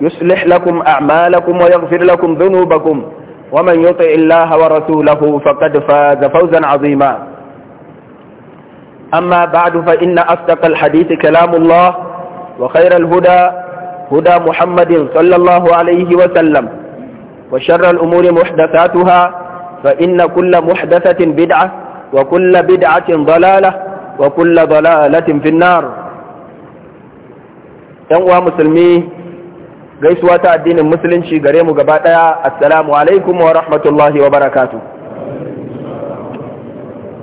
يصلح لكم أعمالكم ويغفر لكم ذنوبكم ومن يطع الله ورسوله فقد فاز فوزا عظيما أما بعد فإن أصدق الحديث كلام الله وخير الهدى هدى محمد صلى الله عليه وسلم وشر الأمور محدثاتها فإن كل محدثة بدعة وكل بدعة ضلالة وكل ضلالة في النار ‘yan uwa gaisuwa ta addinin musulunci gare mu gaba ɗaya assalamu alaikum wa rahmatullahi wa barakatu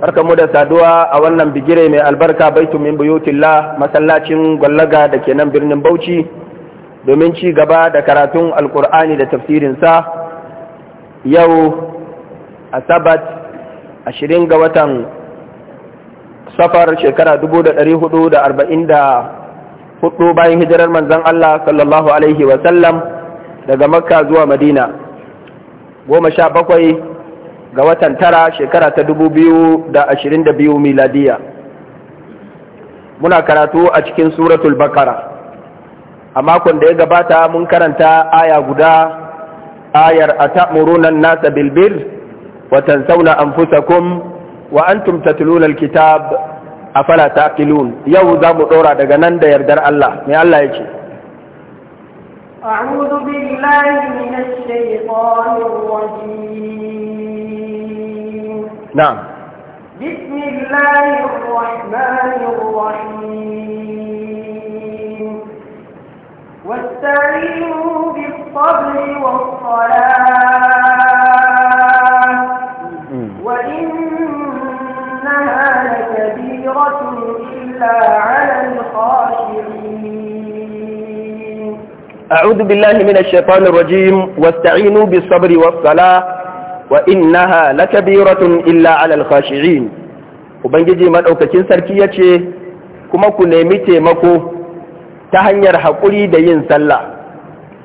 barkamu da saduwa a wannan bigire mai albarka baitu min buyutillah masallacin gwallaga da ke nan birnin bauchi domin ci gaba da karatun alkur'ani da tafsirin sa yau asabat ashirin ga watan safar shekara hudu bayan hijirar manzon Allah sallallahu alaihi wa sallam daga makka zuwa madina goma sha bakwai ga watan tara shekara ta dubu biyu da ashirin da biyu miladiya muna karatu a cikin suratul bakara a makon da ya gabata mun karanta aya guda ayar a ta'murunan nasa bilbir watan sauna anfusakum wa antum tatluna alkitab afala ta kilun yau za mu ɗora daga nan da yardar Allah mai Allah ya ce na'am بسم الله الرحمن الرحيم واستعينوا بالصبر والصلاة وإن إنها لكبيرة إلا على الخاشعين أعوذ بالله من الشيطان الرجيم واستعينوا بالصبر والصلاة وإنها لكبيرة إلا على الخاشعين Ubangiji maɗaukakin sarki ya ce, Kuma ku nemi taimako ta hanyar haƙuri da yin sallah,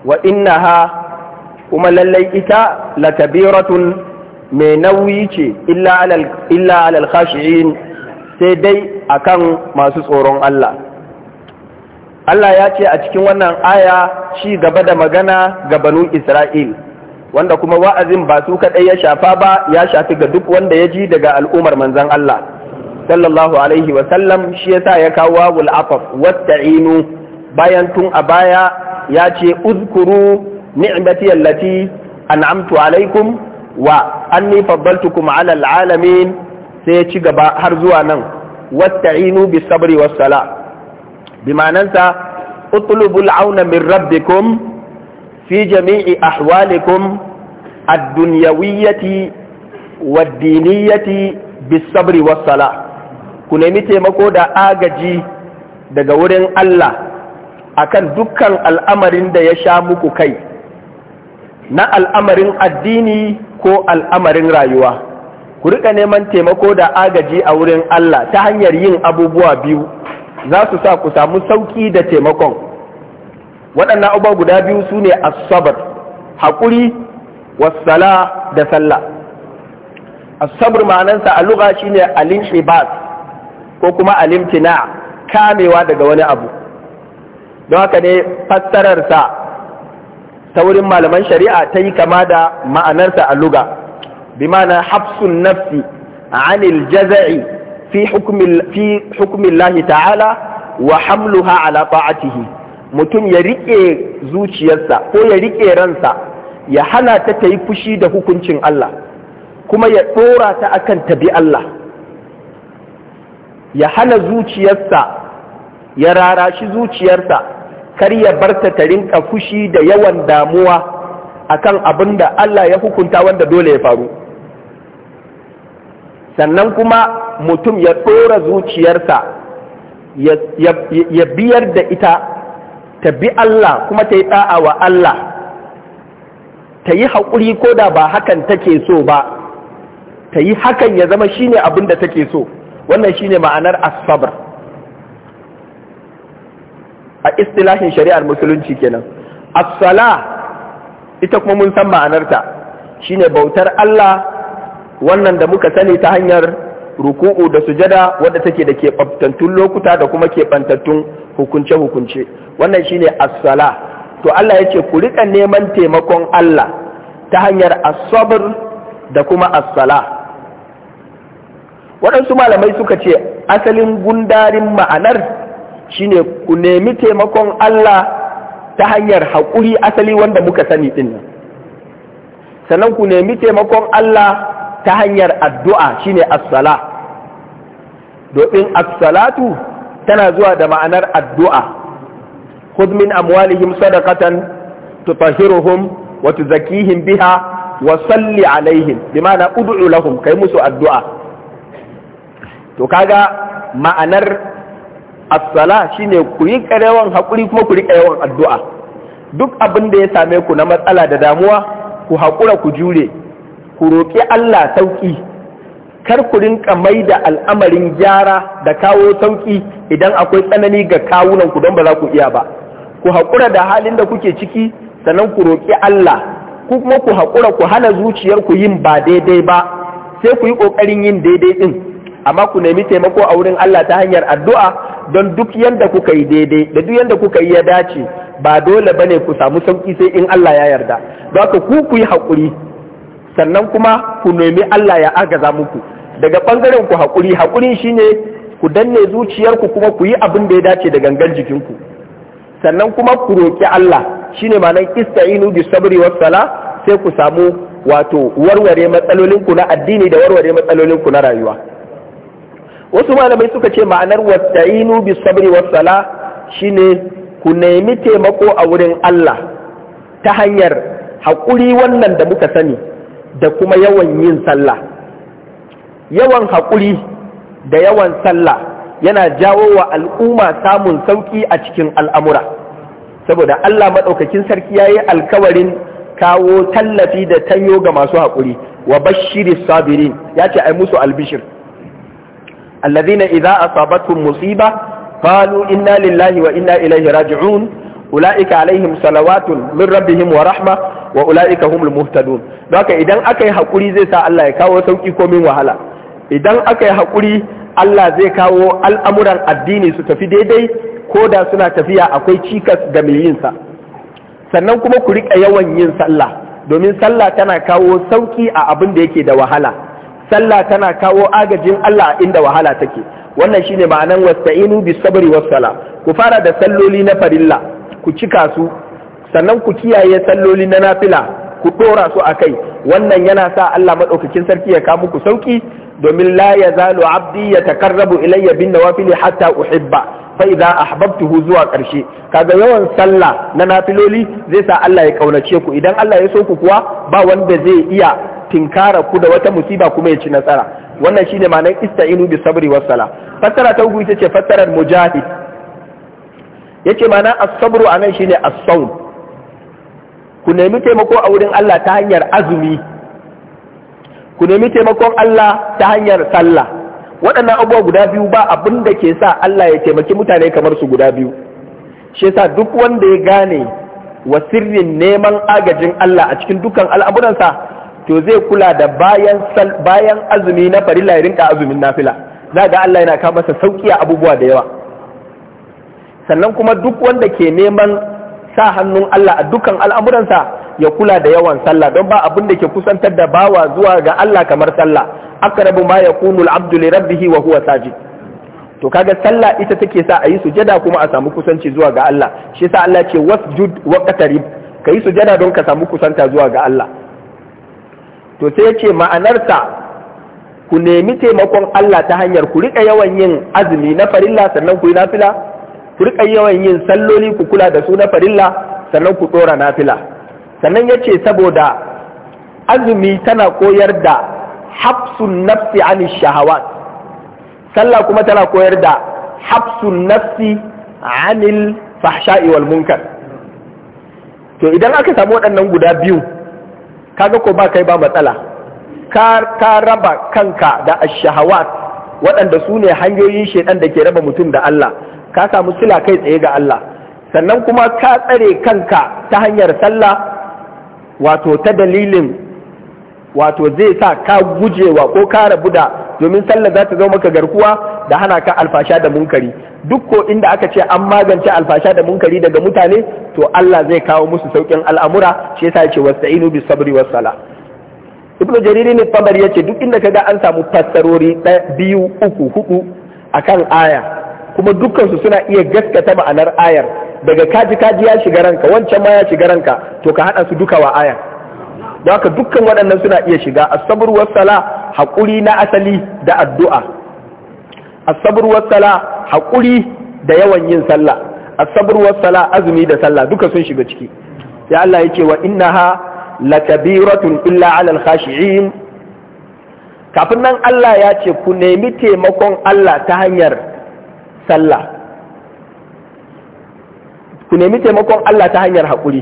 wa innaha kuma lallai ita lakabiratun mai nauyi ce illa alal khashi'in sai dai a kan masu tsoron Allah Allah ya ce a cikin wannan aya ci gaba da magana ga banu Isra'il wanda kuma wa'azin ba su kaɗai ya shafa ba ya shafi ga duk wanda ya ji daga al'umar manzan Allah sallallahu alaihi wasallam shi yasa ya kawo wawul afaf inu, bayan tun a baya ya ce uzkuru ni'mati allati an'amtu alaikum wa anni faddaltukum ala alalamin sai ya ci gaba har zuwa nan wasta'inu bis sabri was sala bi ma'anansa utlubul auna min rabbikum fi jami'i ahwalikum ad-dunyawiyyati wad-diniyyati bi sabri was sala ku nemi taimako da agaji daga wurin Allah akan dukkan al'amarin da ya sha muku kai na al'amarin addini ko al'amarin rayuwa ku rika neman taimako da agaji a wurin Allah ta hanyar yin abubuwa biyu za su sa ku samu sauƙi da taimakon waɗannan abubuwa guda biyu su ne asabar haƙuri wasala da sallah asabar ma'anansa a shi shine alin shibas ko kuma alimtina kamewa daga wani abu don haka ne fassararsa ta wurin malaman shari'a ta yi kama da ma'anarta a luga bi ma'ana hafsun nafsi anil jaza'i fi hukumin lahi ta'ala wa hamluha ala ta'atihi mutum ya rike zuciyarsa ko ya rike ransa ya hana ta ta yi fushi da hukuncin Allah kuma ya ɗora ta akan tabi Allah ya hana zuciyarsa ya rarashi zuciyarsa kar ya barta ta rinka fushi da yawan damuwa akan abin da Allah ya hukunta wanda dole ya faru sannan kuma mutum ya ɗora zuciyarsa ya biyar da ita ta bi Allah kuma ta yi ɗa'a wa Allah ta yi haƙuri ko da ba hakan take so ba ta yi hakan ya zama shine abin da take so wannan shine ma'anar asabar a istilahin shari'ar musulunci kenan as-sala ita kuma mun san ma'anarta shine bautar Allah wannan da muka sani ta hanyar ruku'u da sujada wanda take da keɓantattun lokuta da kuma keɓantattun hukunce-hukunce wannan shine as-sala to Allah ya ce ku riƙa neman taimakon Allah ta hanyar as da kuma as-sala waɗansu malamai suka ce asalin gundarin ma'anar shine ku nemi taimakon Allah ta hanyar haƙuri asali wanda muka sani ɗin nan sannan ku nemi taimakon Allah ta hanyar addu'a shine ne asala, domin asalatu tana zuwa da ma'anar addu'a hudmin amwalihim sadaqatan tutahhiruhum wa tuzakkihim biha wa salli alaihim bi ma'ana lahum kai musu addu'a to kaga ma'anar as-sala shine ku yi yawan haƙuri kuma ku riƙa yawan addu'a duk abin da ya same ku na matsala da damuwa ku haƙura ku jure ku roƙi Allah sauƙi kar ku rinƙa mai da al'amarin gyara da kawo sauƙi idan akwai tsanani ga kawunan ku don ba za ku iya ba ku haƙura da halin da kuke ciki sannan ku roƙi Allah ku kuma ku haƙura ku hana zuciyar ku yin ba daidai ba sai ku yi ƙoƙarin yin daidai ɗin amma ku nemi taimako a wurin Allah ta hanyar addu'a don duk yadda kuka yi daidai da duk yanda kuka yi ya dace ba dole bane ku samu sauki sai in Allah ya yarda don haka ku ku yi haƙuri sannan kuma ku nemi Allah ya agaza muku daga ɓangaren ku haƙuri haƙurin shine ku danne zuciyarku kuma ku yi abin da ya dace da gangan jikinku sannan kuma ku roƙi Allah shine ma'anar ista'inu bi sabri was sala sai ku samu wato warware matsalolinku na addini da warware matsalolinku na rayuwa wasu malamai suka ce ma'anar wasta'inu bi sabri was sala shine ku nemi taimako a wurin Allah ta hanyar haƙuri wannan da muka sani da kuma yawan yin sallah yawan haƙuri da yawan sallah yana jawo wa al'umma samun sauki a cikin al'amura saboda Allah maɗaukakin sarki ya yi alkawarin kawo tallafi da tanyo ga masu haƙuri wa bashiri sabirin ya ce ai musu albishir alladhina idza asabatuhum musiba qalu inna lillahi wa'inna inna ilaihi raji'un ulaika alaihim salawatun min rabbihim wa rahma wa ulaika humul muhtadun don idan akayi hakuri zai sa Allah ya kawo sauki ko min wahala idan aka yi hakuri Allah zai kawo al'amuran addini su tafi daidai ko da suna tafiya akwai cikas ga mai yin sa sannan kuma ku rika yawan yin sallah domin sallah tana kawo sauki a abin da yake da wahala sallah tana kawo agajin Allah inda wahala take wannan shine ma'anan wasta'inu bis sabri was sala ku fara da salloli na farilla ku cika su sannan ku kiyaye salloli na nafila ku dora su akai wannan yana sa Allah madaukakin sarki ya kawo ku sauki domin la yazalu abdi yatakarrabu ilayya bin nawafili hatta uhibba fa idza ahbabtuhu zuwa karshe kaga yawan sallah na nafiloli zai sa Allah ya kaunace ku idan Allah ya so ku kuwa ba wanda zai iya tinkara ku da wata musiba kuma ya ci nasara wannan shine ma'anar ista'inu bi sabri was sala fassara ta uku ita ce fassarar mujahid yace ma'ana as-sabru anan shine as-sawm ku nemi taimako a wurin Allah ta hanyar azumi ku nemi taimakon Allah ta hanyar sallah waɗannan abubuwa guda biyu ba abin da ke sa Allah ya taimaki mutane kamar su guda biyu shi yasa duk wanda ya gane wa sirrin neman agajin Allah a cikin dukkan al'amuransa to zai kula da bayan bayan azumi na farilla ya rinka azumin nafila za ga Allah yana kawo masa sauki a abubuwa da yawa sannan kuma duk wanda ke neman sa hannun Allah a dukkan al'amuransa ya kula da yawan sallah don ba abin da ke kusantar da bawa zuwa ga Allah kamar sallah aqrabu ma yakunu al'abdu li rabbihi wa huwa sajid to kaga sallah ita take sa a yi sujada kuma a samu kusanci zuwa ga Allah shi yasa Allah ce wasjud wa qatarib ka yi sujada don ka samu kusanta zuwa ga Allah to sai ya ce ma'anarta ku nemi taimakon Allah ta hanyar ku riƙa yawan yin azumi na farilla sannan ku yi nafila ku riƙa yawan yin salloli ku kula da su na farilla sannan ku ɗora nafila sannan ya ce saboda azumi tana koyar da hafsun nafsi an shahawat sallah kuma tana koyar da hafsun nafsi anil fahsha'i wal munkar to idan aka samu waɗannan guda biyu kaga ko ba kai ba matsala ka ka raba kanka da ash-shahawat waɗanda su ne hanyoyin shaidan da ke raba mutum da Allah ka samu sila kai tsaye ga Allah sannan kuma ka tsare kanka ta hanyar sallah wato ta dalilin wato zai sa ka gujewa ko ka rabu da domin sallah za ta zo maka garkuwa da hana ka alfasha da munkari duk ko inda aka ce an magance alfasha da munkari daga mutane to Allah zai kawo musu saukin al'amura shi yasa yace wasta'inu bis sabri was sala ibnu jarir ne tabar yace duk inda kaga an samu fassarori biyu uku hudu akan aya kuma dukkan su suna iya gaskata ma'anar ayar daga kaji kaji ya shiga ranka wancan ma ya shiga ranka to ka hada su duka wa aya don haka dukkan waɗannan suna iya shiga as-sabr was sala hakuri na asali da addu'a as-sabr was-sala hakuri da yawan yin sallah as-sabr sala azumi da sallah duka sun shiga ciki ya Allah yake wa innaha lakabiratun illa 'alal khashi'in kafin nan Allah ya ce ku nemi taimakon Allah ta hanyar sallah ku nemi taimakon Allah ta hanyar haƙuri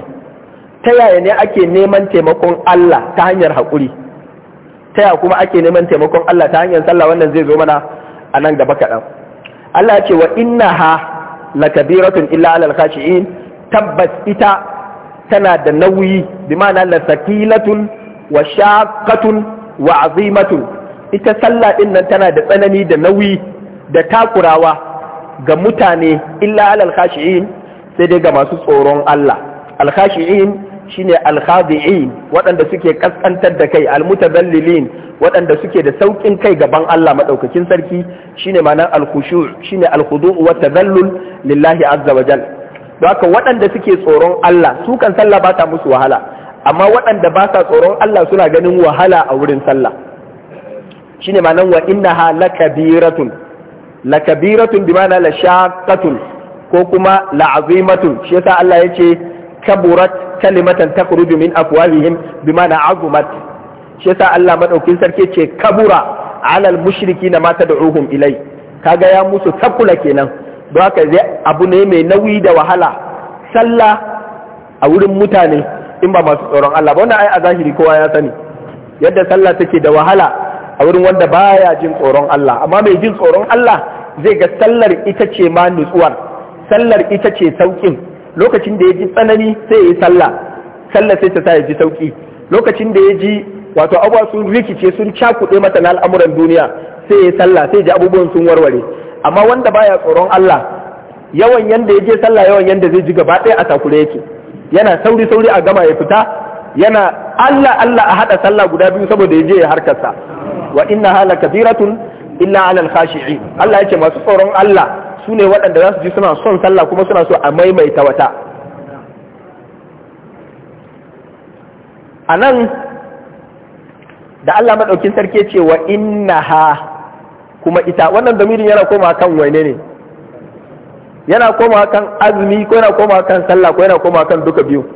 ta yaya ne ake neman taimakon Allah ta hanyar haƙuri ta yaya kuma ake neman taimakon Allah ta hanyar sallah wannan zai zo mana a nan gaba kaɗan Allah ya ce wa inna ha la kabiratun illa alal khashi'in tabbas ita tana da nauyi bi ma'ana la sakilatun wa shaqqatun wa azimatun ita sallah din nan tana da tsanani da nauyi da takurawa ga mutane illa alal khashi'in sai dai ga masu tsoron Allah al khashi'in shine al khadi'in waɗanda suke kaskantar da kai al mutaballilin waɗanda suke da sauƙin kai gaban Allah maɗaukakin sarki shine ma'anar al-khushu shine wa lillahi azza wa jal don haka waɗanda suke tsoron Allah su kan sallah ba ta musu wahala amma waɗanda ba sa tsoron Allah suna ganin wahala a wurin sallah shine ma'anar wa inna ha lakabiratun lakabiratun bi ma'ana la shaqqatun ko kuma la'azimatun shi yasa Allah yace kaburat kalimatan takhruju min afwahihim bi ma'ana azumat shi yasa Allah madaukin sarki ce kabura alal mushriki na mata da da'uhum ilai kaga ya musu takula kenan don haka zai abu ne mai nauyi da wahala sallah a wurin mutane in ba masu tsoron Allah ba wannan ai a zahiri kowa ya sani yadda sallah take da wahala a wurin wanda baya jin tsoron Allah amma mai jin tsoron Allah zai ga sallar ita ce ma nutsuwar sallar ita ce saukin lokacin da ya ji tsanani sai ya yi sallah sallah sai ta sa ya ji sauki lokacin da ya ji wato abubuwa sun rikice sun cakuɗe mata na al'amuran duniya sai ya sallah sai ji abubuwan sun warware amma wanda baya tsoron Allah yawan yanda ya je sallah yawan yanda zai ji gaba ɗaya a takure yake yana sauri sauri a gama ya fita yana Allah Allah a haɗa sallah guda biyu saboda ya je ya harkarsa wa inna hala kabiratun illa alal khashi'in Allah yake masu tsoron Allah su ne waɗanda za su ji suna son sallah kuma suna so a maimaita wata a da Allah maɗaukin sarki ce wa ha? kuma ita wannan damirin yana koma kan waine ne yana koma kan azumi ko yana koma kan sallah ko yana koma kan duka biyu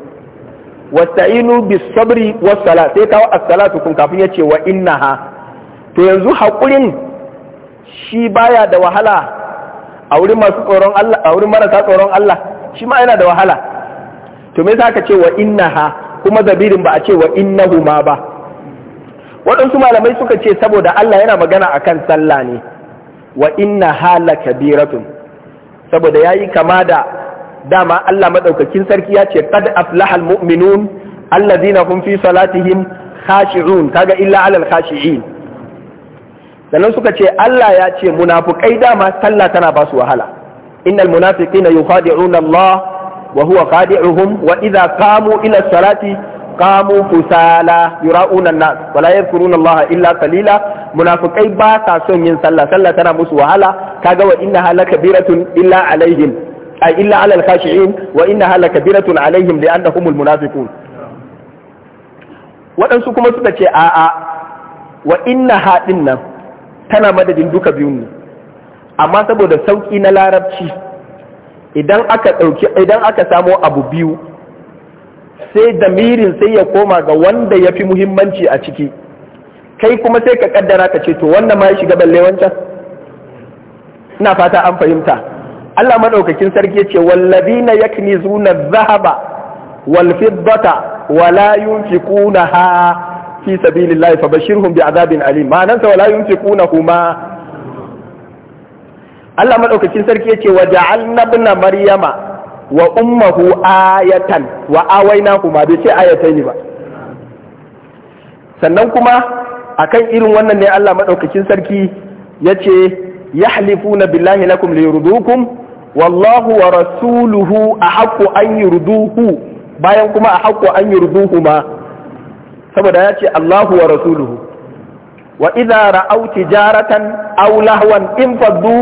wasta'inu bis sabri was sala sai kawo as-salatu kun kafin ya ce wa ha? to yanzu hakurin shi baya da wahala a wurin masu tsoron Allah a wurin marasa tsoron Allah shi ma yana da wahala to me yasa ka ce wa ha? kuma dabirin ba a ce wa innahuma ba waɗansu malamai suka ce saboda Allah yana magana akan sallah ne wa inna hala kabiratun saboda yayi kama da dama Allah maɗaukakin sarki ya ce qad aflahal mu'minun allazina hum fi salatihim khashi'un kaga illa alal khashi'in sannan suka ce Allah ya ce munafukai dama sallah tana ba su wahala innal munafiqina yukhadi'una Allah wa huwa khadi'uhum wa idza qamu ila salati qamu kusala yura'una an-nas wala yadhkuruna Allah illa qalila munafiqai ba sa son yin sallah sallah tana musu wahala kaga wa inna halaka biratun illa alaihim ay illa alal khashi'in wa inna halaka biratun alaihim li'annahumul munafiqun waɗansu kuma suka ce a'a wa inna haɗin nan tana madadin duka biyun ne amma saboda sauƙi na larabci idan aka ɗauki idan aka samo abu biyu sai damirin sai ya koma ga wanda ya fi muhimmanci a ciki kai kuma sai ka kaddara ka ce to wannan ma ya shiga balle wancan ina fata an fahimta Allah madaukakin sarki ya ce wallazina yaknizuna zahaba, wal fiddata wala yunfiqunaha fi sabilillahi fabashirhum bi'adabin alim ma'anan sa wala yunfiqunahuma Allah madaukakin sarki ya ce waje ja'alna maryama wa ummahu ayatan wa awainahu kuma bai ce ayataini ba sannan kuma akan irin wannan ne Allah madaukakin sarki yace yahlifuna billahi lakum liyurdukum wallahu wa rasuluhu ahaqqu an yurduhu bayan kuma ahaqqu an yurduhu ma saboda yace Allahu wa rasuluhu wa idza ra'aw tijaratan aw lahwan infaddu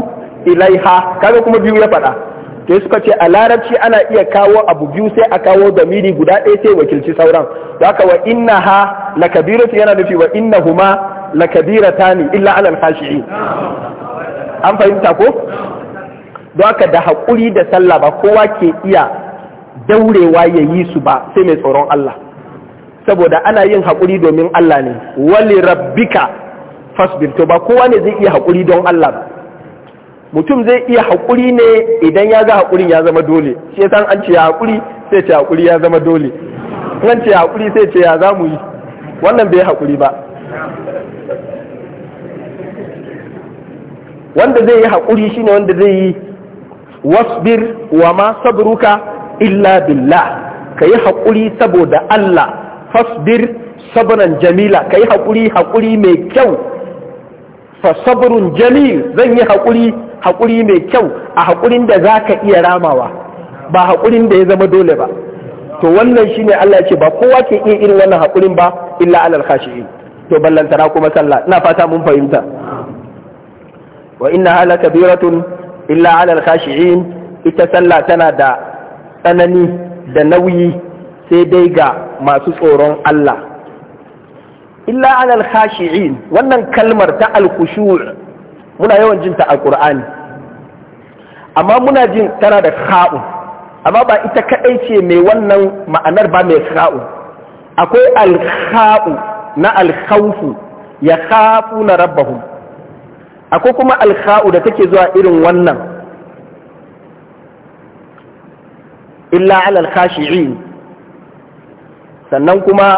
ilaiha kaga kuma biyu ya faɗa sai suka ce a larabci ana iya kawo abu biyu sai a kawo damiri guda ɗaya sai wakilci sauran haka wa inna ha la kabiratu yana nufi wa inna huma la ne illa alal khashi'in an fahimta ko don haka da haƙuri da sallah ba kowa ke iya daurewa ya yi su ba sai mai tsoron Allah saboda ana yin haƙuri domin Allah ne wali rabbika fasbir to ba kowa ne zai iya haƙuri don Allah ba mutum zai iya haƙuri ne idan ya ga haƙurin ya zama dole shi yasa an ce ya haƙuri sai ce haƙuri ya zama dole an ce ya haƙuri sai ce ya za yi wannan bai haƙuri ba wanda zai yi haƙuri shine wanda zai yi wasbir wa ma sabruka illa billah ka yi haƙuri saboda Allah fasbir sabran jamila ka yi haƙuri haƙuri mai kyau fa sabrun jamil zan yi haƙuri haƙuri mai kyau a haƙurin da za ka iya ramawa ba haƙurin da ya zama dole ba to wannan shi ne Allah ce ba kowa ke iya irin wannan haƙurin ba illa alal khashi'in to ballantana kuma sallah ina fata mun fahimta wa inna hala kabiratun illa alal khashi'in ita sallah tana da tsanani da nauyi sai dai ga masu tsoron Allah illa alal khashi'in wannan kalmar ta al-khushu' muna yawan jin ta a ƙur'ani amma muna jin tana da kha'u amma ba ita kaɗai ce mai wannan ma'anar ba mai kha'u akwai alkha'u na alkhawfu ya hafu na rabbahu akwai kuma alkha'u da take zuwa irin wannan illa alal khashi'in sannan kuma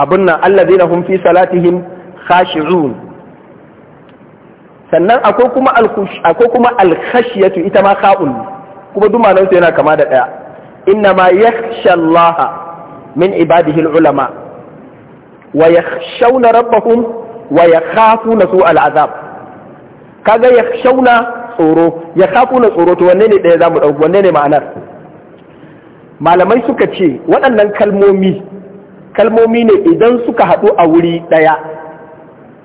abin nan allazina hum fi salatihim khashi'un sannan akwai kuma akwai kuma alkhashiyatu ita ma kha'un kuma dumanan su yana kama da daya inna ma yakhsha Allah min ibadihi alulama wa yakhshawna rabbahum wa yakhafuna su alazab kaga yakhshawna tsoro yakhafuna tsoro to wanne ne daya zamu dauki wanne ne ma'anar malamai suka ce waɗannan kalmomi kalmomi ne idan suka haɗu a wuri ɗaya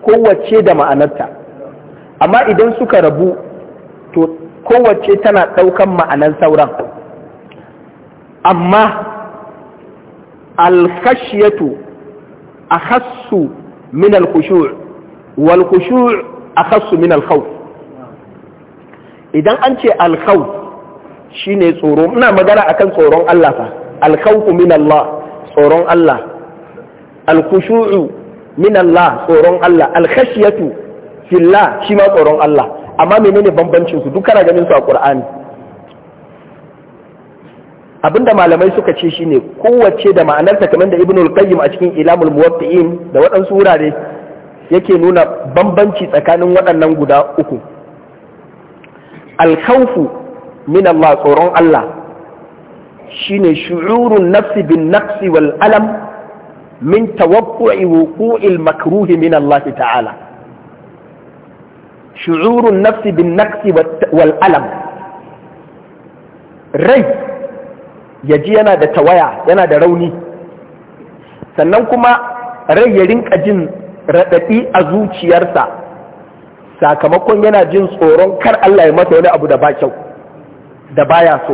kowace da ma'anarta amma idan suka rabu to kowace tana ɗaukan ma'anan sauran amma alkashiyatu a hassu min alkushu' wal kushu' a hassu min alkhawf idan an ce alkhawf shine tsoro ina magana a kan tsoron Allah fa alkhawfu min Allah tsoron Allah alkushu'u min Allah tsoron Allah alkhashiyatu fillah shi ma tsoron Allah amma menene bambancin su duk kana ganin su a Qur'ani abinda malamai suka ce shine kowace da ma'anarta kamar da Ibn al-Qayyim a cikin Ilamul Muwaffi'in da waɗansu wurare yake nuna bambanci tsakanin waɗannan guda uku alkhawfu min Allah tsoron Allah shine shu'urun nafsi bin nafsi wal alam min tawaqqu'i wuqu'il makruhi min Allah ta'ala shu'urun nafsi bin naqsi wal alam rai ya ji yana da tawaya yana da rauni sannan kuma rai ya rinka jin raɗaɗi a zuciyarsa sakamakon yana jin tsoron kar Allah ya mata wani abu da ba kyau da baya so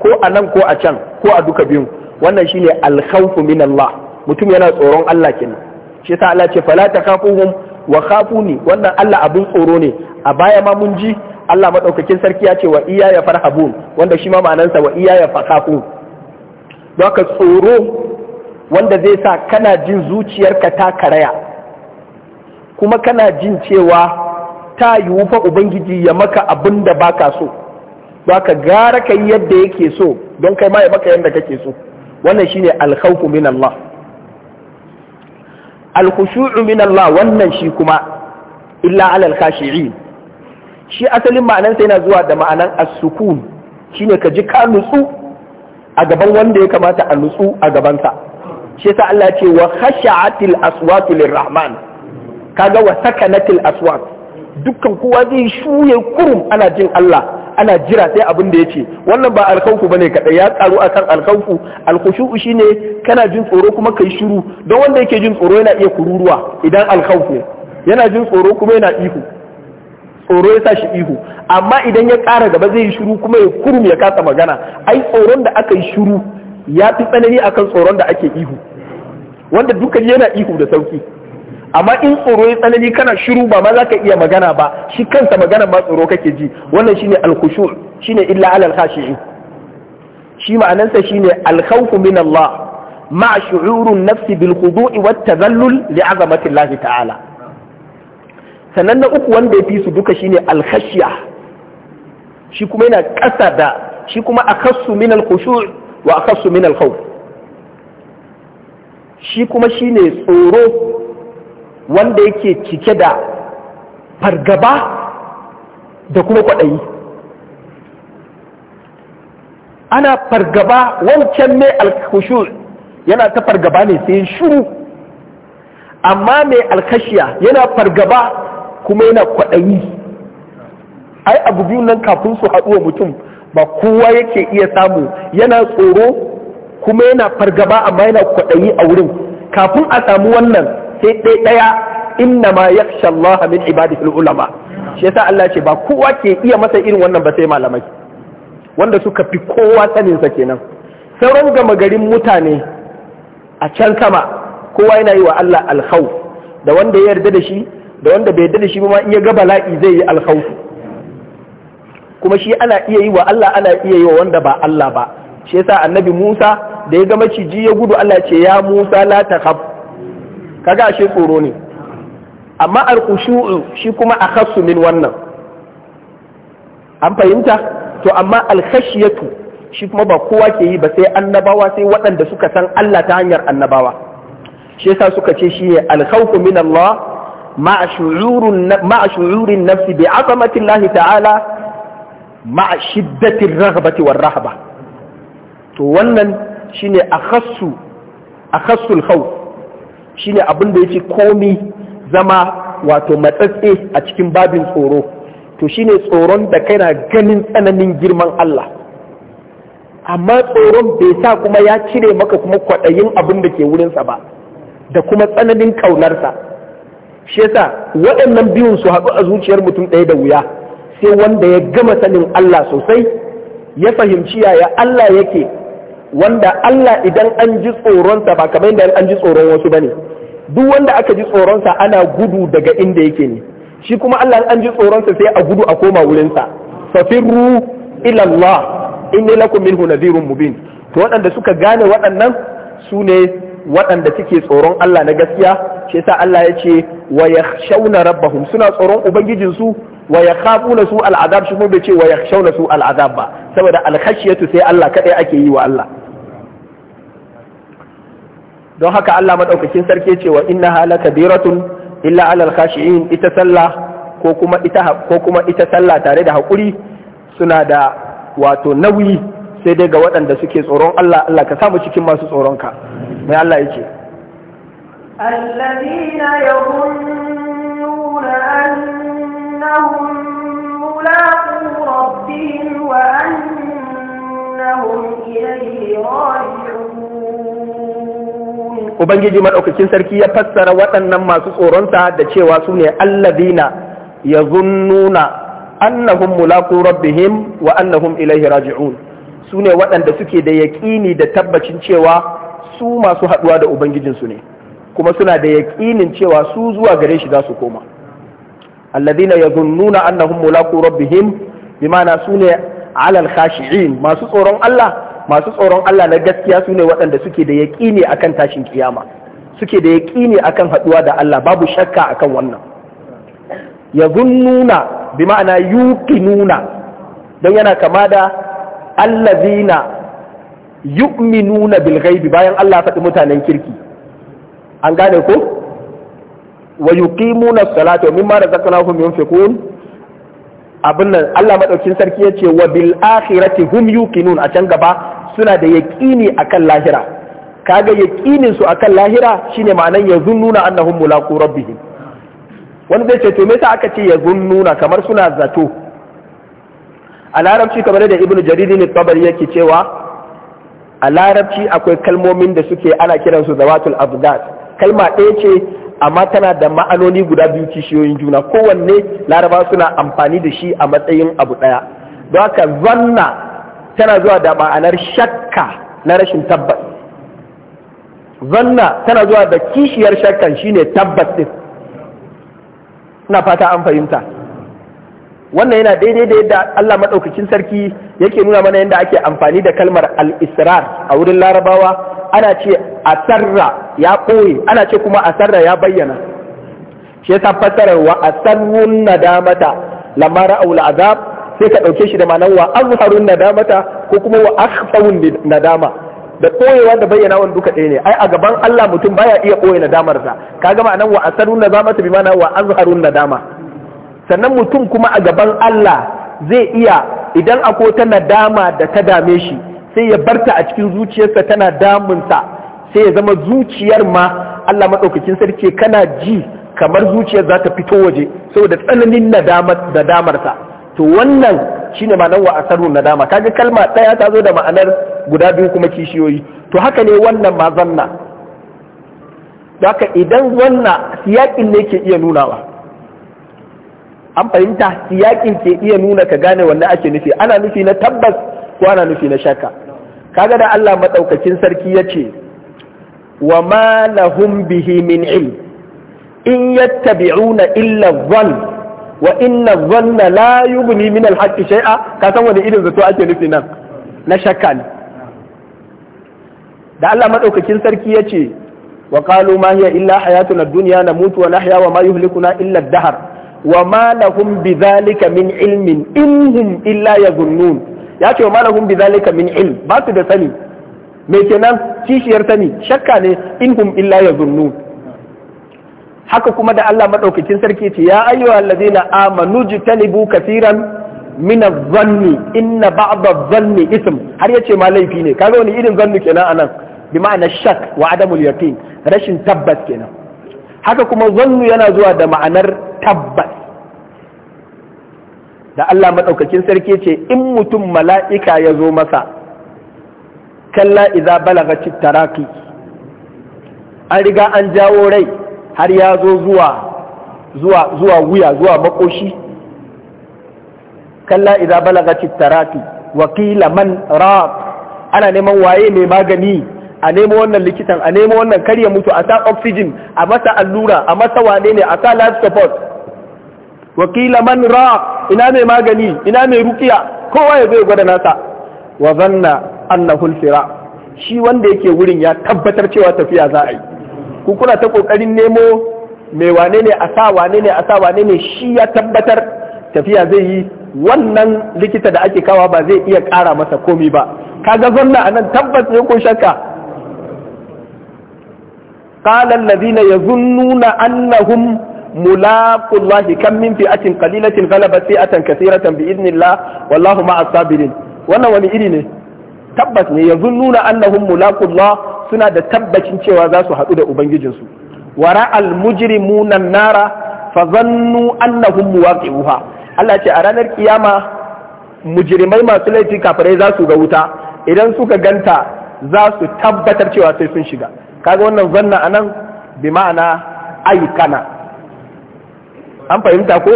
ko a nan ko a can ko a duka biyun wannan shine alkhawfu min Allah mutum yana tsoron Allah kenan shi yasa Allah ce fala takhafuhum wa khafuni wannan Allah abin tsoro ne a baya ma mun ji Allah madaukakin sarki ya ce wa iya ya farhabun wanda shi ma ma'anansa wa iya ya fakaku don tsoro wanda zai sa kana jin zuciyarka ta karaya kuma kana jin cewa ta yiwu fa ubangiji ya maka abin da baka so don ka gara kai yadda yake so don kai ma ya maka yadda kake so wannan shine alkhawfu min Allah alkushu'u min Allah wannan shi kuma illa alal khashi'in shi asalin ma'anan sa yana zuwa da ma'anan as-sukun shine ka ji ka nutsu a gaban wanda ya kamata a nutsu a gaban sa shi yasa Allah ce wa khasha'atil aswatu lirrahman kaga wa sakanatil aswat dukkan kowa zai shuye kurum ana jin Allah ana jira sai abin da ya ce wannan ba ba ne kaɗai ya karu akan alkhawfu shi ne kana jin tsoro kuma kai shiru don wanda yake jin tsoro yana iya kururuwa idan alkhawfu ne yana jin tsoro kuma yana ihu tsoro ya sa shi ihu amma idan ya ƙara gaba zai yi shiru kuma ya kurum ya kasa magana ai tsoron da aka yi shiru ya fi tsanani akan tsoron da ake ihu wanda duka yana ihu da sauki amma in tsoro ya tsanani kana shiru ba ma za ka iya magana ba shi kansa magana ma tsoro kake ji wannan shine al-khushu shine illa alal khashi'i shi ma'anansa shine al-khawfu min Allah ma shu'urun nafsi bil khudu'i wat tadhallul li 'azamati Allah ta'ala sannan na uku wanda ya fi su duka shine al-khashya shi kuma yana ƙasa da shi kuma akassu min al-khushu' wa akassu min al-khawf shi kuma shine tsoro wanda yake cike da fargaba da kuma kwaɗayi ana fargaba wancan mai alkashu yana ta fargaba ne sai shuru amma mai alkashiya yana fargaba kuma yana kwaɗayi ai abu biyu nan kafin su haɗu wa mutum ba kowa yake iya samu yana tsoro kuma yana fargaba amma yana kwaɗayi a wurin kafin a samu wannan sai dai daya inna ma yakhsha Allah min ibadihi ulama shi yasa Allah ce ba kowa ke iya masa irin wannan ba sai malamai wanda suka fi kowa sanin sa kenan sauran gama garin mutane a can sama kowa yana yi wa Allah alhau, da wanda ya yarda da shi da wanda bai yarda da shi ma in ya ga bala'i zai yi alkhawf kuma shi ana iya yi wa Allah ana iya yi wa wanda ba Allah ba shi yasa annabi Musa da ya ga maciji ya gudu Allah ce ya Musa la takhaf kaga shi tsoro ne amma alkushu'u shi kuma a khassu min wannan an fahimta to amma alkhashiyatu shi kuma ba kowa ke yi ba sai annabawa sai waɗanda suka san Allah ta hanyar annabawa shi yasa suka ce shi ne alkhawfu min Allah ma'a shu'urin nafsi bi azamati Allah ta'ala ma'a shiddatir raghbati war rahba to wannan shine akhassu akhassul khawf ne abin da ya ci komi zama wato matsatse a cikin babin tsoro to shine tsoron da na ganin tsananin girman Allah amma tsoron bai sa kuma ya cire maka kuma kwaɗayin abin da ke wurinsa ba da kuma tsananin ƙaunarsa shi yasa waɗannan biyun su haɗu a zuciyar mutum ɗaya da wuya sai wanda ya gama sanin Allah sosai ya fahimci yaya Allah yake wanda Allah idan an ji tsoronsa ba kamar yadda an ji tsoron wasu bane duk wanda aka ji tsoronsa ana gudu daga inda yake ne shi kuma Allah an ji tsoronsa sai a gudu a koma wurinsa ilallah ila Allah inni lakum minhu nadhirun mubin to waɗanda suka gane waɗannan su ne waɗanda suke tsoron Allah na gaskiya shi sa Allah ya ce wa ya yakhshawna rabbahum suna tsoron ubangijin su ya yakhafuna su al'azab shi mun bai ce wa ya shauna su al'azab ba saboda alhashi khashiyatu sai Allah kadai ake yi wa Allah don haka Allah madaukakin sarki ce wa halaka lakabiratun illa 'alal khashi'in ita sallah ko kuma ita ko tare da hakuri suna da wato nauyi sai dai ga waɗanda suke tsoron Allah Allah ka samu cikin masu tsoronka. ka mai Allah yake ubangiji madaukakin sarki ya fassara waɗannan masu tsoronta da cewa su ne alladina yazunnuna annahum mulaqu rabbihim wa annahum ilaihi raji'un ne waɗanda suke da yaƙini da tabbacin cewa su masu haɗuwa da ubangijinsu ne kuma suna da yaƙinin cewa su zuwa gare shi za su koma ya yadhunnuna annahum mulaqu rabbihim su ne alal khashi'in masu tsoron Allah masu tsoron Allah na gaskiya su ne waɗanda suke da yaƙini akan tashin kiyama suke da yaƙini akan haɗuwa da Allah babu shakka akan wannan Ya yadhunnuna bima'ana yuqinuna dan yana kama da Alladina. yu'minuna bil ghaibi bayan Allah faɗi mutanen kirki an gane ko wa yuqimuna salata mimma razaqnahum yunfiqun abin nan Allah madaukin sarki yace wa bil akhirati hum yuqinun a can gaba suna da yaqini akan lahira kaga yaqinin su akan lahira shine ma'anan yazunnuna annahum mulaqu rabbihim wani zai ce to me yasa aka ce yazunnuna kamar suna zato a larabci kamar da ibnu Jariri ne tabari yake cewa a larabci akwai kalmomin da suke ana kiransu zawatul afghan kalma ɗaya ce amma tana da ma'anoni guda biyu kishiyoyin juna kowanne laraba suna amfani da shi a matsayin abu ɗaya don haka zanna tana zuwa da ma'anar shakka na rashin tabbas zanna tana zuwa da kishiyar shakkan shine tabbas ɗin ina fata an fahimta wannan yana daidai da yadda Allah maɗaukakin sarki yake nuna mana yadda ake amfani da kalmar al-israr a wurin larabawa ana ce asarra ya ɓoye ana ce kuma asarra ya bayyana shi yasa fassarar wa asarrun nadamata lamma ra'au azab sai ka ɗauke shi da ma'anar wa azharun nadamata ko kuma wa akhfawun nadama da koyewa da bayyana wani duka ɗaya ne ai a gaban Allah mutum baya iya koyi nadamarsa kaga ma'anar wa asarrun nadamata bi ma'ana wa azharun nadama sannan mutum kuma a gaban Allah zai iya idan akwai ta nadama da ta dame shi sai ya barta a cikin zuciyarsa tana damunsa sai ya zama zuciyar ma Allah maɗaukakin sarki kana ji kamar zuciyar za ta fito waje saboda tsananin nadamarsa to wannan shine ma'anar wa asarun nadama kaga kalma ɗaya ta zo da ma'anar guda biyu kuma kishiyoyi to haka ne wannan ma zanna haka idan wannan siyaƙin ne ke iya nunawa an fahimta siyakin ke iya nuna ka gane wanda ake nufi ana nufi na tabbas ko ana nufi na shakka kaga da Allah madaukakin sarki ya ce wa ma lahum bihi min ilm in yattabi'una illa dhann wa inna dhanna la yughni min al-haqqi shay'a ka san wani irin zato ake nufi nan na shakka ne da Allah madaukakin sarki ya ce wa qalu ma hiya illa hayatuna ad-dunya namutu wa nahya wa ma yuhlikuna illa ad-dahr wa ma lahum min ilmin in hum illa yazunnun ya ce wa malahun lahum bidhalika min ilm ba su da sani me kenan kishiyar sani shakka ne in hum illa yazunnun haka kuma da Allah maɗaukacin sarki ce ya ayyuhal ladina amanu jitanibu kaseeran min adh-dhanni inna ba'da adh ism har yace ma laifi ne kaga wani irin zannu kenan anan bi ma'ana shak wa adamul yaqin rashin tabbas kenan haka kuma zannu yana zuwa da ma'anar tabbas da Allah maɗaukakin sarki ce in mutum mala'ika ya zo masa kalla iza balagaci taraki an riga an jawo rai har ya zo zuwa zuwa zuwa wuya zuwa makoshi kalla iza balagaci taraki wakila man raq ana neman waye mai magani a nemo wannan likitan a nemo wannan karya mutu a sa oxygen a masa allura a masa wane ne a sa life support wakila man ra ina mai magani ina mai rukiya kowa ya zai gwada nasa wa zanna annahu alfira shi wanda yake wurin ya tabbatar cewa tafiya za a yi ku ta kokarin nemo mai wane ne a sa wane ne a sa wane ne shi ya tabbatar tafiya zai yi wannan likita da ake kawa ba zai iya kara masa komi ba kaga zanna anan tabbas ne ko shakka qala alladhina yazunnuna annahum ملاق الله كم من فئة قليلة غلبت فئة كثيرة بإذن الله والله مع الصابرين وانا wani iri ne tabbas ne yanzu nuna annahum mulaqullah suna da tabbacin cewa za su haɗu da ubangijinsu wara al mujrimuna nara fa zannu annahum muwaqi'uha Allah ce a ranar kiyama mujrimai masu laifi kafirai za su ga wuta idan suka ganta za su tabbatar cewa sai sun shiga kaga wannan zanna anan bi ma'ana aikana an fahimta ko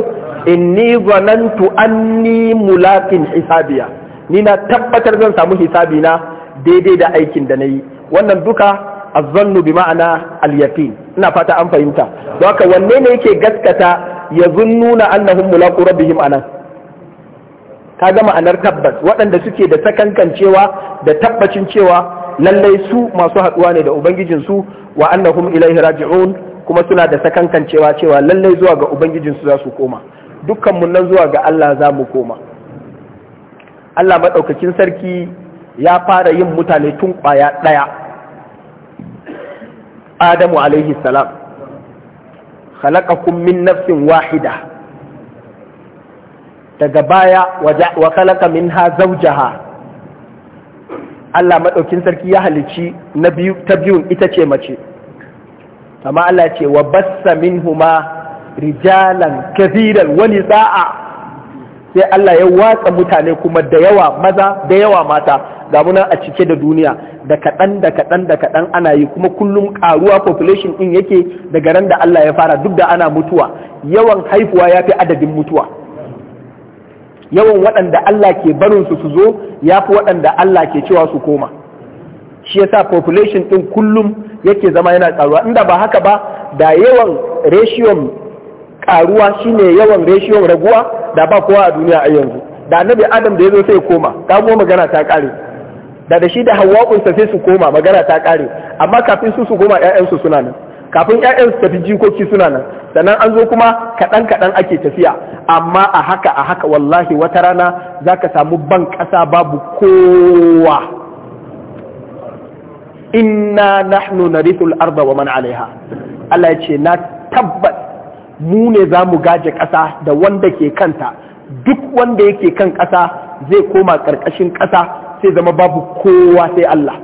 inni zanantu anni mulakin hisabiya ni na tabbatar zan samu hisabi na daidai da aikin da na yi. wannan duka zannu bi ma'ana al ina fata an fahimta don haka wanne ne yake gaskata ya zunnuna annahum mulaku rabbihim anan ka ga ma'anar tabbas waɗanda suke da sakankan cewa da tabbacin cewa lallai su masu haɗuwa ne da ubangijinsu wa annahum ilaihi raji'un kuma suna da sakankan cewa cewa lallai zuwa ga ubangijinsu za su koma dukkan mun nan zuwa ga Allah za mu koma Allah maɗaukakin sarki ya fara yin mutane tun ƙwaya ɗaya Adamu alaihi salam khalaqakum min nafsin wahida daga baya wa khalaqa minha zawjaha Allah maɗaukin sarki ya halicci na biyu ta biyun ita ce mace amma Allah ce wa bassa huma rijalan kaziran wani sa'a sai Allah ya watsa mutane kuma da yawa maza da yawa mata ga muna a cike da duniya da kaɗan da kaɗan da kaɗan ana yi kuma kullum ƙaruwa population ɗin yake daga ran da Allah ya fara duk da ana mutuwa yawan haifuwa ya fi adadin mutuwa yawan waɗanda Allah ke barinsu su zo ya fi waɗanda Allah ke cewa su koma shi yasa population ɗin kullum yake zama yana ƙaruwa inda ba haka ba da yawan reshiyon ƙaruwa shine yawan reshiyon raguwa da ba kowa a duniya a yanzu da annabi adam da ya zo sai koma kago magana ta ƙare da da shi da hawa'unsa sai su koma magana ta ƙare amma kafin su su koma ƴaƴansu suna nan kafin ƴaƴansu tafi jikoki suna nan sannan an zo kuma kaɗan kaɗan ake tafiya amma a haka a haka wallahi wata rana za ka samu ban ƙasa babu kowa inna nahnu narithul arda wa man alaiha Allah ya ce na tabbat mu ne za mu gaje ƙasa da wanda ke kanta duk wanda yake kan ƙasa zai koma ƙarƙashin ƙasa sai zama babu kowa sai Allah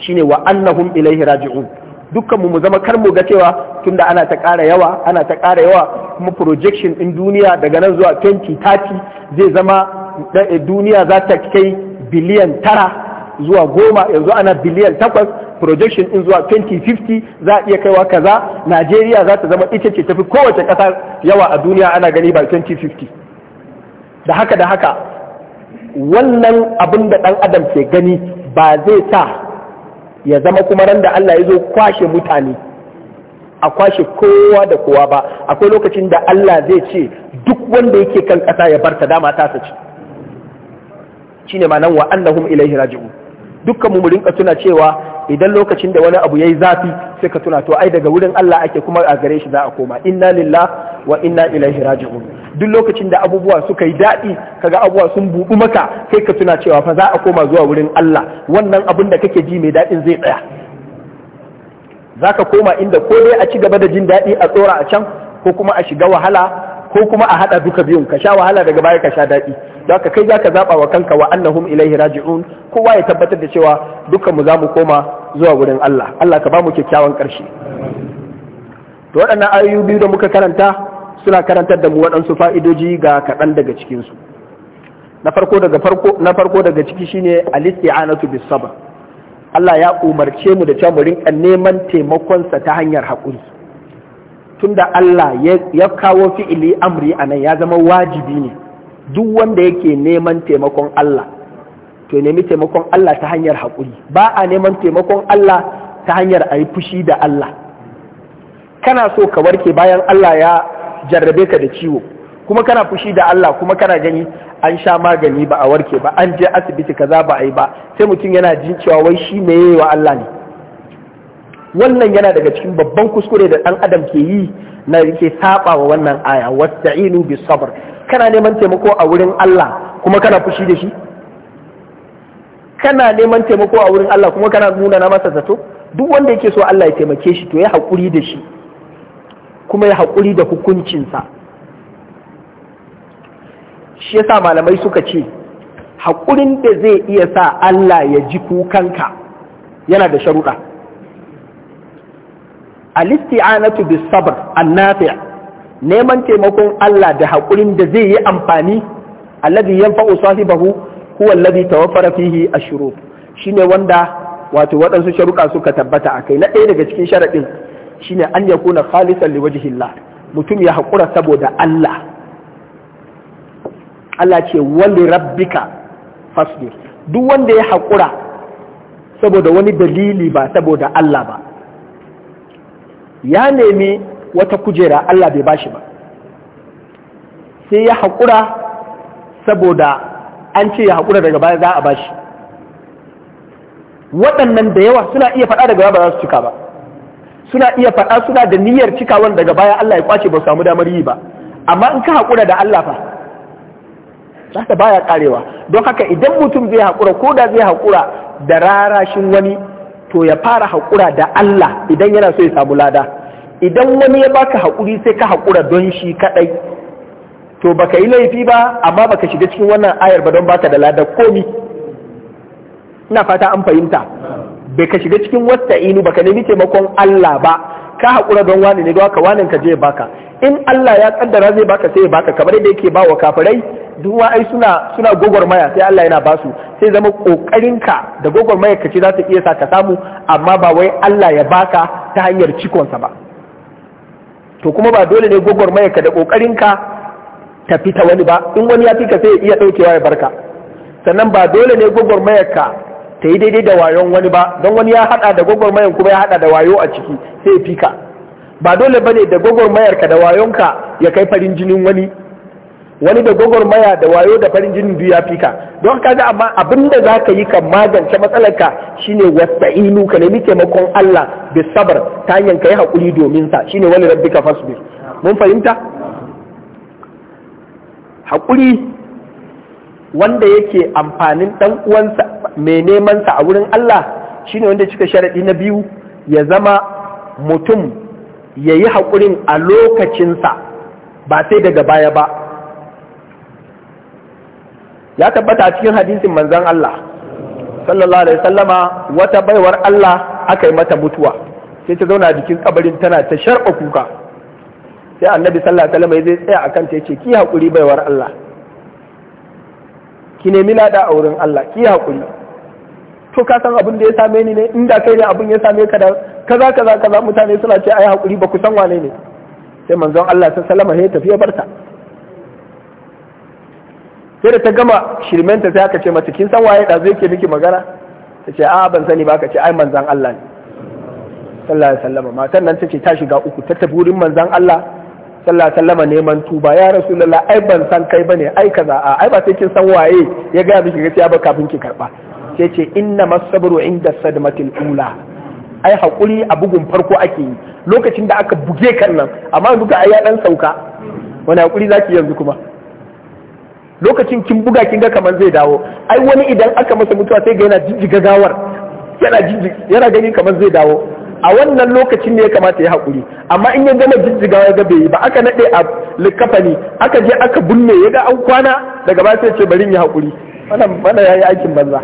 shine wa annahum ilaihi raji'un dukkanmu mu zama kar mu ga cewa tunda ana ta ƙara yawa ana ta ƙara yawa kuma projection ɗin duniya daga nan zuwa 2030 zai zama eh, duniya za ta kai biliyan tara zuwa goma yanzu ana biliyan takwas projection ɗin zuwa 2050 za a iya kaiwa kaza najeriya za ta zama ita ce tafi kowace ƙasa yawa a duniya ana gani ba 2050 da haka da haka wannan abin da ɗan adam ke gani ba zai sa ya zama kuma ran da Allah ya zo kwashe mutane a kwashe kowa da kowa ba akwai lokacin da Allah zai ce duk wanda yake kan ƙasa ya barta dama ta sace shine ma'anar wa annahum ilaihi raji'un dukkan mu rinka tuna cewa idan lokacin da wani abu yayi zafi sai ka tuna to ai daga wurin Allah ake kuma a gare shi za a koma inna lillah wa inna ilaihi raji'un duk lokacin da abubuwa suka yi daɗi kaga abubuwa sun bubu maka sai ka tuna cewa fa za a koma zuwa wurin Allah wannan abin da kake ji mai daɗin zai tsaya za ka koma inda ko dai a ci gaba da jin daɗi a tsora a can ko kuma a shiga wahala ko kuma a haɗa duka biyun ka sha wahala daga baya ka sha daɗi za ka kai za ka zaɓa wa kanka wa annahum ilaihi raji'un kowa ya tabbatar da cewa dukkan mu za mu koma zuwa wurin Allah Allah ka ba mu kyakkyawan ƙarshe to waɗannan ayoyi biyu da muka karanta suna karantar da mu waɗansu fa'idoji ga kaɗan daga cikinsu na farko daga ciki shine al-isti'anatu bis sabr Allah ya umarce mu da cewa mu rinka neman taimakonsa ta hanyar haƙuri tunda Allah ya kawo fi'ili amri a nan ya zama wajibi ne duk wanda yake neman taimakon Allah to nemi taimakon Allah ta hanyar haƙuri ba a neman taimakon Allah ta hanyar a yi fushi da Allah kana so ka warke bayan Allah ya jarrabe ka da ciwo kuma kana fushi da Allah kuma kana gani an sha magani ba a warke ba an je asibiti kaza ba a yi ba sai mutum yana jin cewa wai shi ne yayi wa Allah ne wannan yana daga cikin babban kuskure da dan adam ke yi na yake saba wa wannan aya wasta'inu bis sabr kana neman taimako a wurin Allah kuma kana fushi da shi kana neman taimako a wurin Allah kuma kana nuna na masa zato duk wanda yake so Allah ya taimake shi to ya haƙuri da shi kuma ya haƙuri da hukuncinsa shi yasa malamai suka ce haƙurin da zai iya sa Allah ya ji kukanka yana da sharuɗa alisti'anatu bis sabr annafi' neman taimakon Allah da haƙurin da zai yi amfani alladhi yanfa'u sahibahu huwa alladhi tawaffara fihi ash-shurut shine wanda wato waɗansu sharuɗa suka tabbata akai na ɗaya daga cikin sharaɗin shine an yakuna khalisan liwajhillah mutum ya haƙura saboda Allah Allah ce wali rabbika fasbir duk wanda ya haƙura saboda wani dalili ba saboda Allah ba ya nemi wata kujera Allah bai bashi ba sai ya haƙura saboda an ce ya haƙura daga baya za a bashi waɗannan da yawa suna iya faɗa daga baya ba za su cika ba suna iya faɗa suna da niyyar cikawan daga baya Allah ya kwace ba samu damar yi ba amma in ka haƙura da Allah fa haka baya karewa don haka idan mutum zai haƙura ko da zai haƙura da rarashin wani to ya fara haƙura da Allah idan yana so ya samu lada idan wani ya baka haƙuri sai ka haƙura don shi kaɗai to baka yi laifi ba amma baka shiga cikin wannan ayar ba don baka da lada komi ina fata an fahimta bai ka shiga cikin wata inu baka nemi taimakon Allah ba ka haƙura don wani ne don haka wanin ka je baka in Allah ya kaddara zai baka sai ya baka kamar da yake ba wa kafirai duk ai suna suna maya sai Allah yana basu sai zama ka da gogor maya ce za ta iya sa ka samu amma ba wai Allah ya baka ta hanyar cikonsa ba to kuma ba dole ne maya ka da ka ta fita wani ba in wani ya fika ka sai iya daukewa ya barka sannan ba dole ne maya ka ta yi daidai da wayon wani ba don wani ya hada da gogormayan kuma ya hada da wayo a ciki sai ya fika ba dole bane da gogormayar ka da wayonka ya kai farin jinin wani wani da gwagwarmaya da wayo da farin jinin biyu ya fi ka don kaga amma abin da za ka yi ka magance matsalarka shine wasta'inu ka nemi taimakon Allah bi sabar ta hanyar kai hakuri domin sa shine wani rabbika fasbir mun fahimta hakuri wanda yake amfanin ɗan uwansa mai neman sa a wurin Allah shine wanda cika sharadi na biyu ya zama mutum yayi hakurin a lokacinsa ba sai daga baya ba ya tabbata a cikin hadisin manzan Allah sallallahu alaihi sallama wata baiwar Allah aka yi mata mutuwa sai ta zauna jikin kabarin tana ta sharɓa kuka sai annabi sallallahu alaihi sallama zai tsaya akan ta yace ki haƙuri baiwar Allah ki nemi lada a wurin Allah ki haƙuri to ka san abin da ya same ni ne inda kai ne abin ya same ka da kaza kaza kaza mutane suna ce ai haƙuri ba ku san wane ne sai manzon Allah sallallahu alaihi sallama ya tafi ya barta sai da ta gama shirmenta sai aka ce mata kin san waye ɗazu yake miki magana ta ce a ban sani ba ka ce ai manzan Allah ne sallallahu alaihi wasallam matan nan tace ta shiga uku ta tafi wurin manzan Allah sallallahu alaihi wasallam neman tuba ya rasulullah ai ban san kai bane ai kaza a ai ba sai kin san waye ya ga miki gaskiya ba kafin ki karba sai ce inna masabru inda sadmatil ula ai hakuri a bugun farko ake yi lokacin da aka buge kan nan amma duka ga ai ya dan sauka wani hakuri zaki yanzu kuma lokacin kin buga kin ga kamar zai dawo ai wani idan aka masa mutuwa sai ga yana jijjiga gawar yana jijjiga yana gani kamar zai dawo a wannan lokacin ne ya kamata ya haƙuri amma in ya gama jijjiga ya ga bai ba aka naɗe a likafani aka je aka bunne ya ga an kwana daga ba sai ce bari ya haƙuri wannan bana yayi aikin banza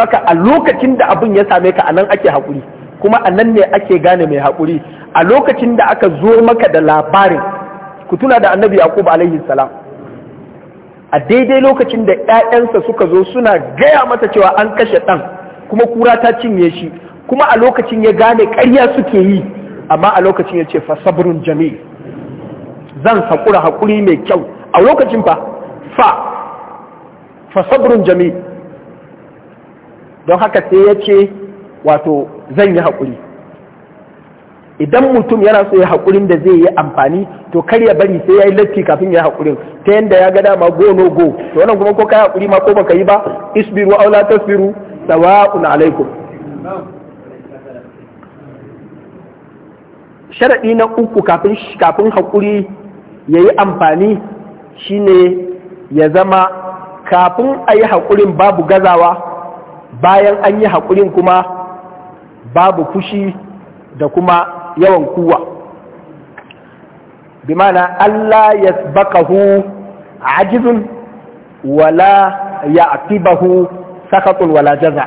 haka a lokacin da abun ya same ka anan ake haƙuri kuma anan ne ake gane mai haƙuri a lokacin da aka zo maka da labarin ku tuna da annabi yaqub alaihi salam a daidai lokacin da 'ya'yansa suka zo suna gaya mata cewa an kashe ɗan kuma kura ta cinye shi kuma a lokacin ya gane ƙarya suke yi amma a lokacin ya ce fa sabrun jami'i zan haƙura haƙuri mai kyau a lokacin fa fa fa sabrun jami'i don haka sai ya ce wato zan yi haƙuri idan mutum yana so ya haƙurin da zai yi amfani to kar ya bari sai ya yi latti kafin ya haƙurin ta yanda ya ga dama go no go to wannan kuma ko ka haƙuri ma ko baka yi ba isbiru aw la tasbiru sawa'un alaikum sharadi na uku kafin kafin haƙuri ya amfani shine ya zama kafin a yi haƙurin babu gazawa bayan an yi haƙurin kuma babu fushi da kuma yawan kuwa bi mana Allah ya bakahu ajizun wala ya hu sakatun wala jaza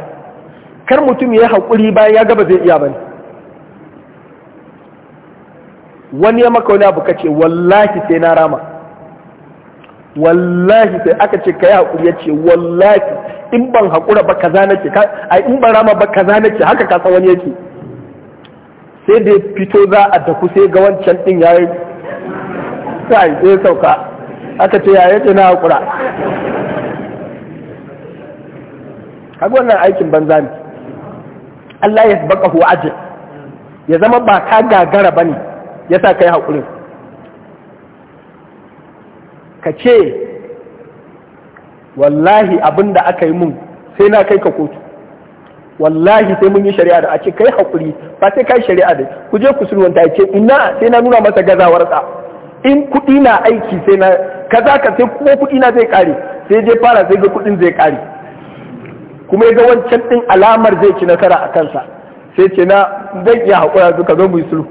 kar mutum ya haƙuri bayan ya gaba zai iya bane wani ya maka wani abu ka ce wallahi sai na rama wallahi sai aka ce ka yi haƙuri ya ce wallahi in ban haƙura ba kaza nake a in ban rama ba kaza nake haka ka san wani yake sai da fito za a tafi sai ga wancan ɗin ya yi sai ya sauka aka ce ya ce na haƙura haka wannan aikin banza ne Allah ya baka hu ajin ya zama ba ka gagara ba ne ya sa ka yi haƙurin ka ce wallahi abin da aka yi mun sai na kai ka kotu wallahi sai mun yi shari'a da a ce kai haƙuri ba sai kai shari'a da ku je ku sulwanta ya ce ina sai na nuna masa gazawar sa in kuɗi na aiki sai na kaza ka sai kuma kuɗi na zai kare sai je fara sai ga kuɗin zai kare kuma ya ga wancan ɗin alamar zai ci nasara a kansa sai ce na zan iya haƙura duka zo mu yi sulhu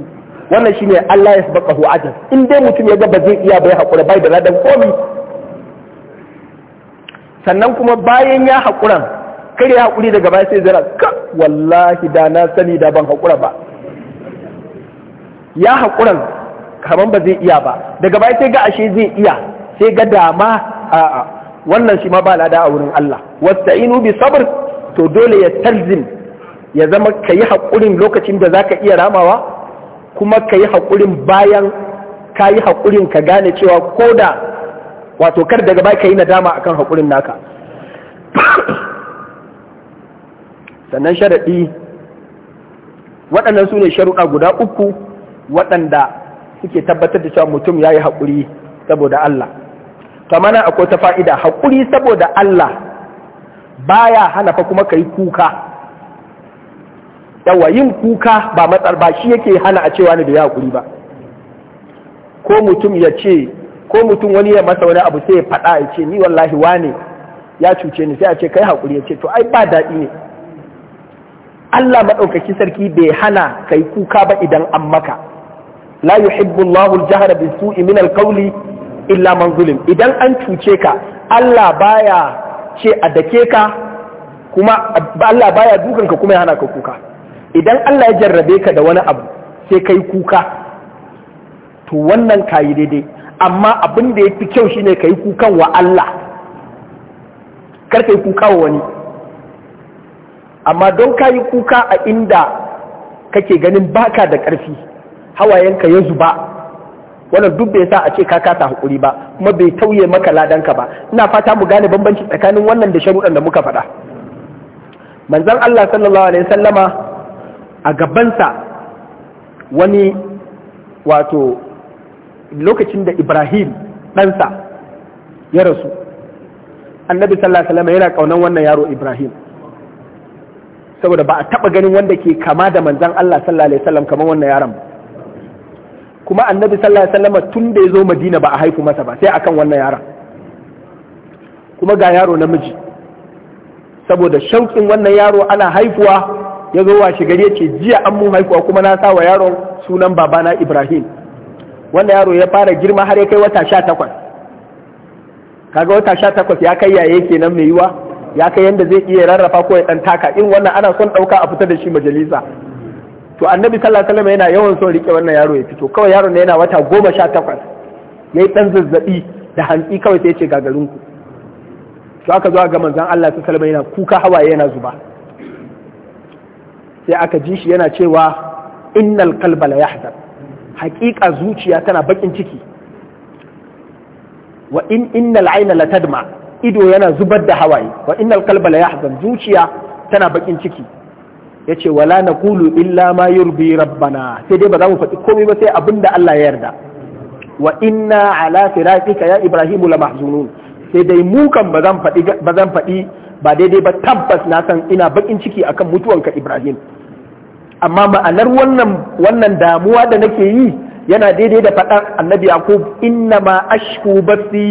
wannan shine Allah ya sabaka hu ajal in dai mutum ya ga ba zai iya bai haƙura bai da ladan komi sannan kuma bayan ya haƙuran kare ya haƙuri daga baya sai zira ka wallahi da na sani da ban haƙura ba ya haƙuran kamar ba zai iya ba daga baya sai ga ashe zai iya sai ga dama a'a wannan shi ma ba lada a wurin Allah wasta'inu bi sabr to dole ya tarzim ya zama ka yi lokacin da zaka iya ramawa kuma ka yi bayan ka yi ka gane cewa ko da wato kar daga baya ka yi nadama akan hakurin naka sannan sharaɗi waɗannan su ne sharuɗa guda uku waɗanda suke tabbatar da cewa mutum ya yi haƙuri saboda Allah kamana akwai ta fa'ida haƙuri saboda Allah baya hana fa kuma yi kuka yawa yin kuka ba matsar ba shi yake hana a cewa ni da ya haƙuri ba ko mutum ya ce ko mutum wani ya masa wani abu sai ya faɗa ya ce ni wallahi wane ya cuce ni sai a ce kai haƙuri ya ce to ai ba daɗi ne Allah maɗaukaki sarki bai hana kai kuka ba idan an maka la yuhibbu Allahu al-jahra bisu'i min al-qawli illa man zulim idan an cuce ka Allah baya ce a dake ka kuma Allah baya dukan ka kuma ya hana ka kuka idan Allah ya jarrabe ka da wani abu sai kai kuka to wannan kayi daidai amma abin da ya yafi kyau shine kai kukan wa Allah kar kai kuka wa wani amma don ka yi kuka a inda kake ganin baka da ƙarfi hawayenka ya zuba wannan duk bai sa a ce ka kasa hakuri ba kuma bai tauye maka ladanka ba ina fata mu gane bambanci tsakanin wannan da sharuɗan da muka faɗa manzon Allah sallallahu alaihi wasallama a gabansa wani wato lokacin da Ibrahim ɗansa ya rasu annabi sallallahu alaihi wasallama yana ƙaunan wannan yaro Ibrahim saboda ba a taba ganin wanda ke kama da manzan Allah sallallahu alaihi wasallam kamar wannan yaron ba kuma annabi sallallahu alaihi wasallam tun da ya zo Madina ba a haifu masa ba sai akan wannan yaron kuma ga yaro namiji saboda shauƙin wannan yaro ana haifuwa ya zo shi gari ce jiya an mu haifuwa kuma na sa wa yaron sunan babana Ibrahim wannan yaro ya fara girma har ya kai wata sha takwas kaga wata sha takwas ya kai yaye kenan mai yiwa ya kai yanda zai iya rarrafa ko ya dan taka in wannan ana son ɗauka a fitar da shi majalisa to annabi sallallahu alaihi wasallam yana yawan son rike wannan yaro ya fito kawai yaron ne yana wata goma sha takwas yayi ɗan zazzabi da hantsi kawai sai ya ce ku. to aka zo ga manzon Allah sallallahu alaihi yana kuka hawaye yana zuba sai aka ji shi yana cewa innal qalba la yahzan haƙiƙa zuciya tana bakin ciki wa in innal ayna la tadma ido yana zubar da hawaye wa innal qalba la yahzan zuciya tana bakin ciki yace wala naqulu illa ma yurbi rabbana sai dai ba za mu faɗi komai ba sai abinda Allah ya yarda wa inna ala firaqika ya ibrahimu la mahzunun sai dai mu kan ba zan faɗi ba zan faɗi ba daidai ba tabbas na san ina bakin ciki akan mutuwanka Ibrahim amma ma'anar wannan wannan damuwa da nake yi yana daidai da faɗar annabi Yaqub inna ma ashku basi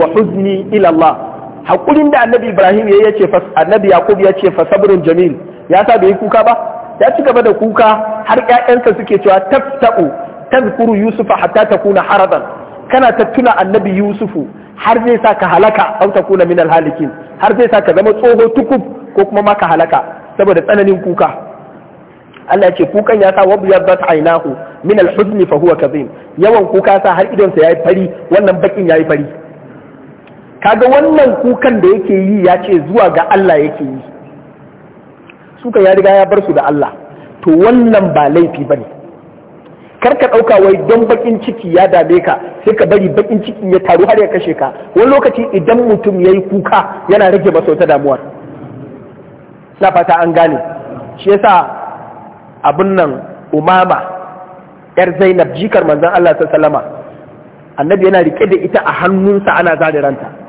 wa huzni ila Allah hakurin da annabi Ibrahim ya ce annabi Yaqub ya ce fa sabrun jamil ya sa bai kuka ba ya ci gaba da kuka har ƴaƴansa suke cewa tafta'u tazkuru yusufa hatta takuna haradan kana tuna annabi yusufu har zai sa ka halaka au takuna minal halikin har zai sa ka zama tsoho tukub ko kuma ma ka halaka saboda tsananin kuka Allah ya ce kukan ya sa wabyaddat ainahu min al fa huwa kadhim yawan kuka sa har idonsa yayi fari wannan bakin yayi fari kaga wannan kukan da yake yi ya ce zuwa ga Allah yake yi suka ya riga ya bar su da Allah to wannan ba laifi ba ne karka ɗauka wai don bakin ciki ya dame ka sai ka bari bakin cikin ya taru har ya kashe ka wani lokaci idan mutum ya yi kuka yana rage masa wata damuwar na fata an gane shi yasa abin nan umama yar zainab jikar manzon Allah sallama annabi yana rike da ita a hannunsa ana zariranta. ranta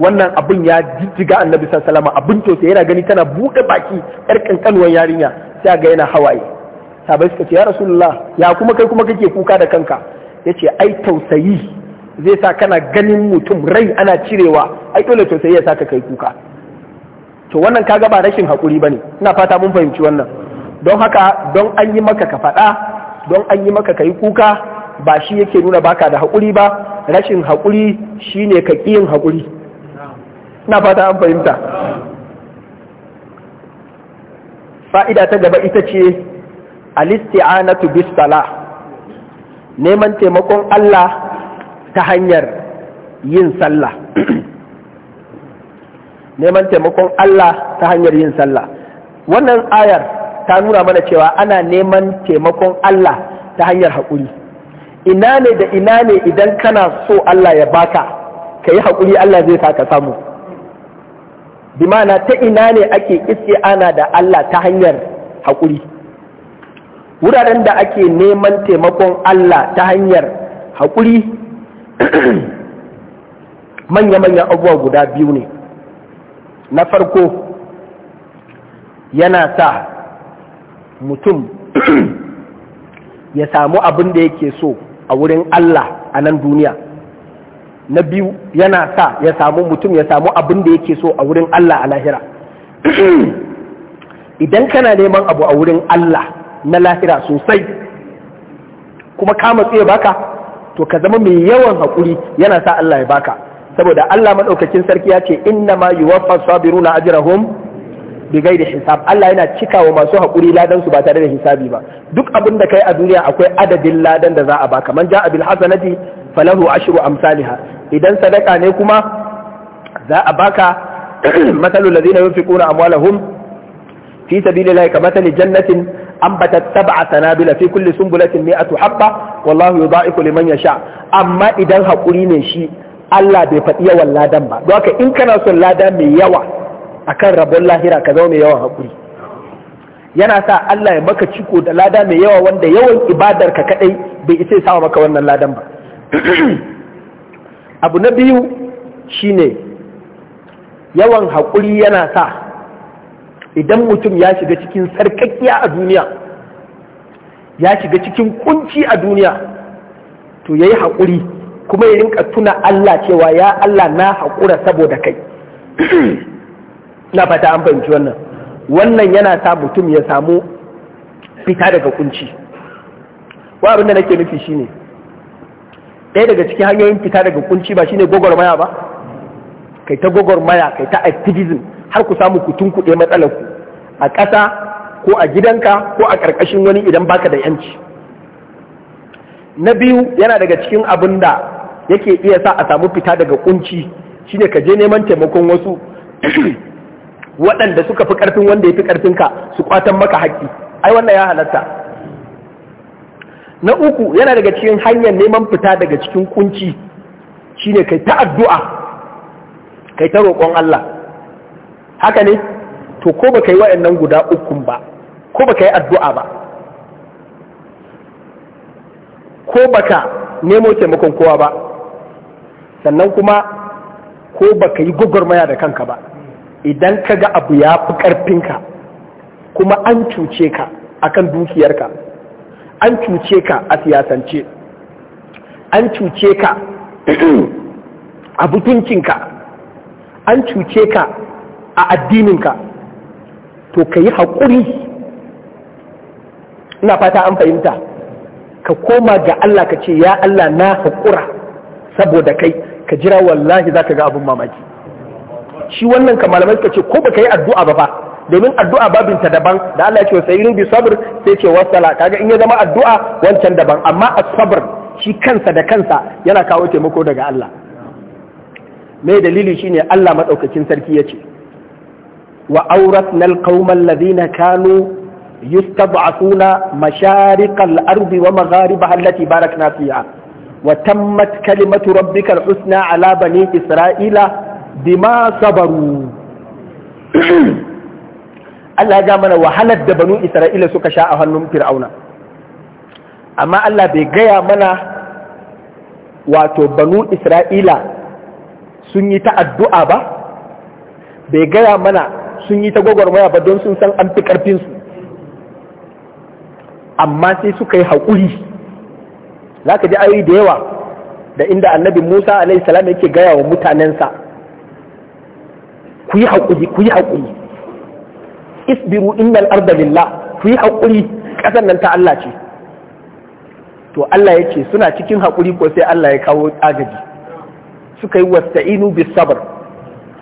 wannan abin ya jijjiga annabi sallallahu abin to yana gani tana buɗe baki yar kankanuwan yarinya sai ga yana hawaye sabai suka ce ya rasulullah ya kuma kai kuma kake kuka da kanka yace ai tausayi zai sa kana ganin mutum rai ana cirewa ai dole tausayi ya saka kai kuka to wannan kaga ba rashin hakuri bane ina fata mun fahimci wannan don haka don an yi maka ka faɗa don an yi maka kayi kuka ba shi yake nuna baka da haƙuri ba rashin haƙuri shine ka ƙi yin haƙuri na fata an fahimta fa'ida ta gaba ita ce alisti'anatu bis sala neman taimakon Allah ta hanyar yin sallah neman taimakon Allah ta hanyar yin sallah wannan ayar ta nuna mana cewa ana neman taimakon Allah ta hanyar haƙuri ina ne da ina ne idan kana so Allah ya baka ka yi haƙuri Allah zai sa ka samu bi ma'ana ta ina ne ake iske ana da Allah ta hanyar haƙuri wuraren da ake neman taimakon Allah ta hanyar haƙuri manya-manyan abubuwa guda biyu ne na farko yana sa mutum ya samu abin da yake so a wurin Allah a nan duniya na biyu yana sa ya samu mutum ya samu abin da yake so a wurin Allah a lahira idan kana neman abu a wurin Allah na lahira sosai kuma ka matse baka to ka zama mai yawan haƙuri yana sa Allah ya baka saboda Allah maɗaukakin sarki ya ce inna ma yi na ajira ajrahum bigai da hisab Allah yana cikawa masu haƙuri ladan su ba tare da hisabi ba duk abin da ka yi a duniya akwai adadin ladan da za a baka man ja'a bil hasanati falahu ashru amsalha idan sadaka ne kuma za a baka matsalul ladina yunfiquna amwalahum fi sabilillahi kamathali jannatin ambatat sab'a sanabila fi kulli sunbulatin mi'atu habba wallahu yudha'ifu liman yasha amma idan hakuri ne shi Allah bai faɗi yawan ladan ba don haka in kana son lada mai yawa akan rabon lahira ka zama mai yawan hakuri yana sa Allah ya maka ciko da lada mai yawa wanda yawan ibadarka kadai bai isa ya sawa maka wannan ladan ba abu na biyu shine yawan haƙuri yana sa idan mutum ya shiga cikin sarkakkiya a duniya ya shiga cikin kunci a duniya to ya yi haƙuri kuma ya rinka tuna Allah cewa ya Allah na haƙura saboda kai na fata an fahimci wannan wannan yana sa mutum ya samu fita daga kunci wa abin da nake nufi shine ɗaya daga cikin hanyoyin fita daga kunci ba shine gwagwarmaya ba kai ta gwagwarmaya kai ta activism har ku samu ku tunkuɗe matsalar ku a ƙasa ko a gidanka ko a ƙarƙashin wani idan baka da yanci na biyu yana daga cikin abin da yake iya sa a samu fita daga kunci shine ka je neman taimakon wasu waɗanda suka fi ƙarfin wanda ya fi ƙarfinka su kwatan maka haƙƙi ai wannan ya halatta na uku yana daga cikin hanyar neman fita daga cikin kunci shine kai ta addu'a kai ta roƙon Allah haka ne to ko baka yi wa'annan guda uku ba ko baka yi addu'a ba ko baka nemo taimakon kowa ba sannan kuma ko baka yi gwagwarmaya da kanka ba idan ka ga abu ya fi ƙarfinka kuma an cuce ka akan dukiyarka an cuce ka a siyasance an cuce ka a butuncinka an cuce ka a addininka to ka yi haƙuri ina fata an fahimta ka koma ga Allah ka ce ya Allah na haƙura saboda kai ka jira wallahi za ka ga abin mamaki shi wannan ka malamai ka ce ko ba ka yi addu'a ba ba domin addu'a babinta daban da Allah ya ce sayyidin bi sabr sai ce wasala kaga in ya zama addu'a wancan daban amma as-sabr shi kansa da kansa yana kawo taimako daga Allah me dalili shine Allah madaukakin sarki yace wa awratna al-qauma alladhina kanu yustad'afuna masharikal ardi wa magharibaha allati barakna fiha wa tammat kalimatu husna ala bani isra'ila bima sabaru Allah ya ga mana wahalar da banu Isra'ila suka sha a hannun Fir'auna amma Allah bai gaya mana wato banu Isra'ila sun yi ta ba bai gaya mana sun yi ta gwagwarmaya ba don sun san an fi ƙarfinsu amma sai suka yi haƙuri za ka ji ayoyi da yawa da inda annabi Musa alaihi salam yake gaya wa mutanensa ku yi haƙuri ku yi haƙuri isbiru innal arda lillah ku yi haƙuri ƙasar nan ta Allah ce to Allah ya ce suna cikin haƙuri ko sai Allah ya kawo agaji suka yi wasta'inu bis sabr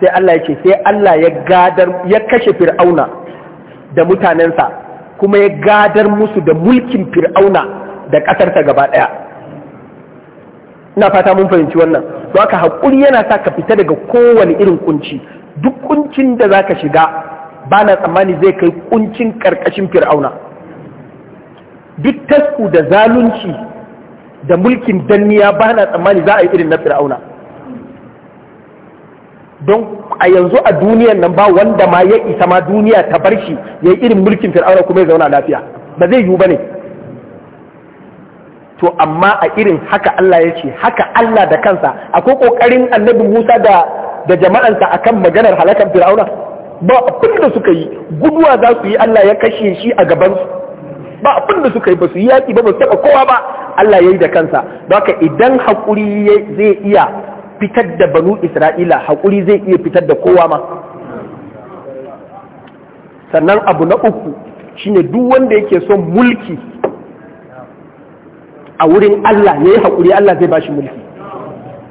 sai Allah ya ce sai Allah ya gadar ya kashe fir'auna da mutanensa kuma ya gadar musu da mulkin fir'auna da ƙasarsa gaba ɗaya ina fata mun fahimci wannan don haka haƙuri yana sa ka fita daga kowane irin kunci duk kuncin da zaka shiga ba na tsammani zai kai kuncin karkashin fir'auna duk tasku da zalunci da mulkin danniya ba na tsammani za a yi irin na fir'auna don a yanzu a duniyan nan ba wanda ma ya isa ma duniya ta bar shi ya yi irin mulkin fir'auna kuma ya zauna lafiya ba zai yiwu ba ne to amma a irin haka Allah ya ce haka Allah da kansa akwai ƙoƙarin annabi Musa da jama'ansa jama'ansa akan maganar halakar fir'auna ba abin da suka yi guduwa za su yi Allah ya kashe shi a gabansu ba abin da suka yi ba su yi yaƙi ba ba su taɓa kowa ba Allah ya yi da kansa don idan haƙuri zai iya fitar da banu Isra'ila haƙuri zai iya fitar da kowa ma sannan abu na uku shine duk wanda yake son mulki a wurin Allah ya yi haƙuri Allah zai ba shi mulki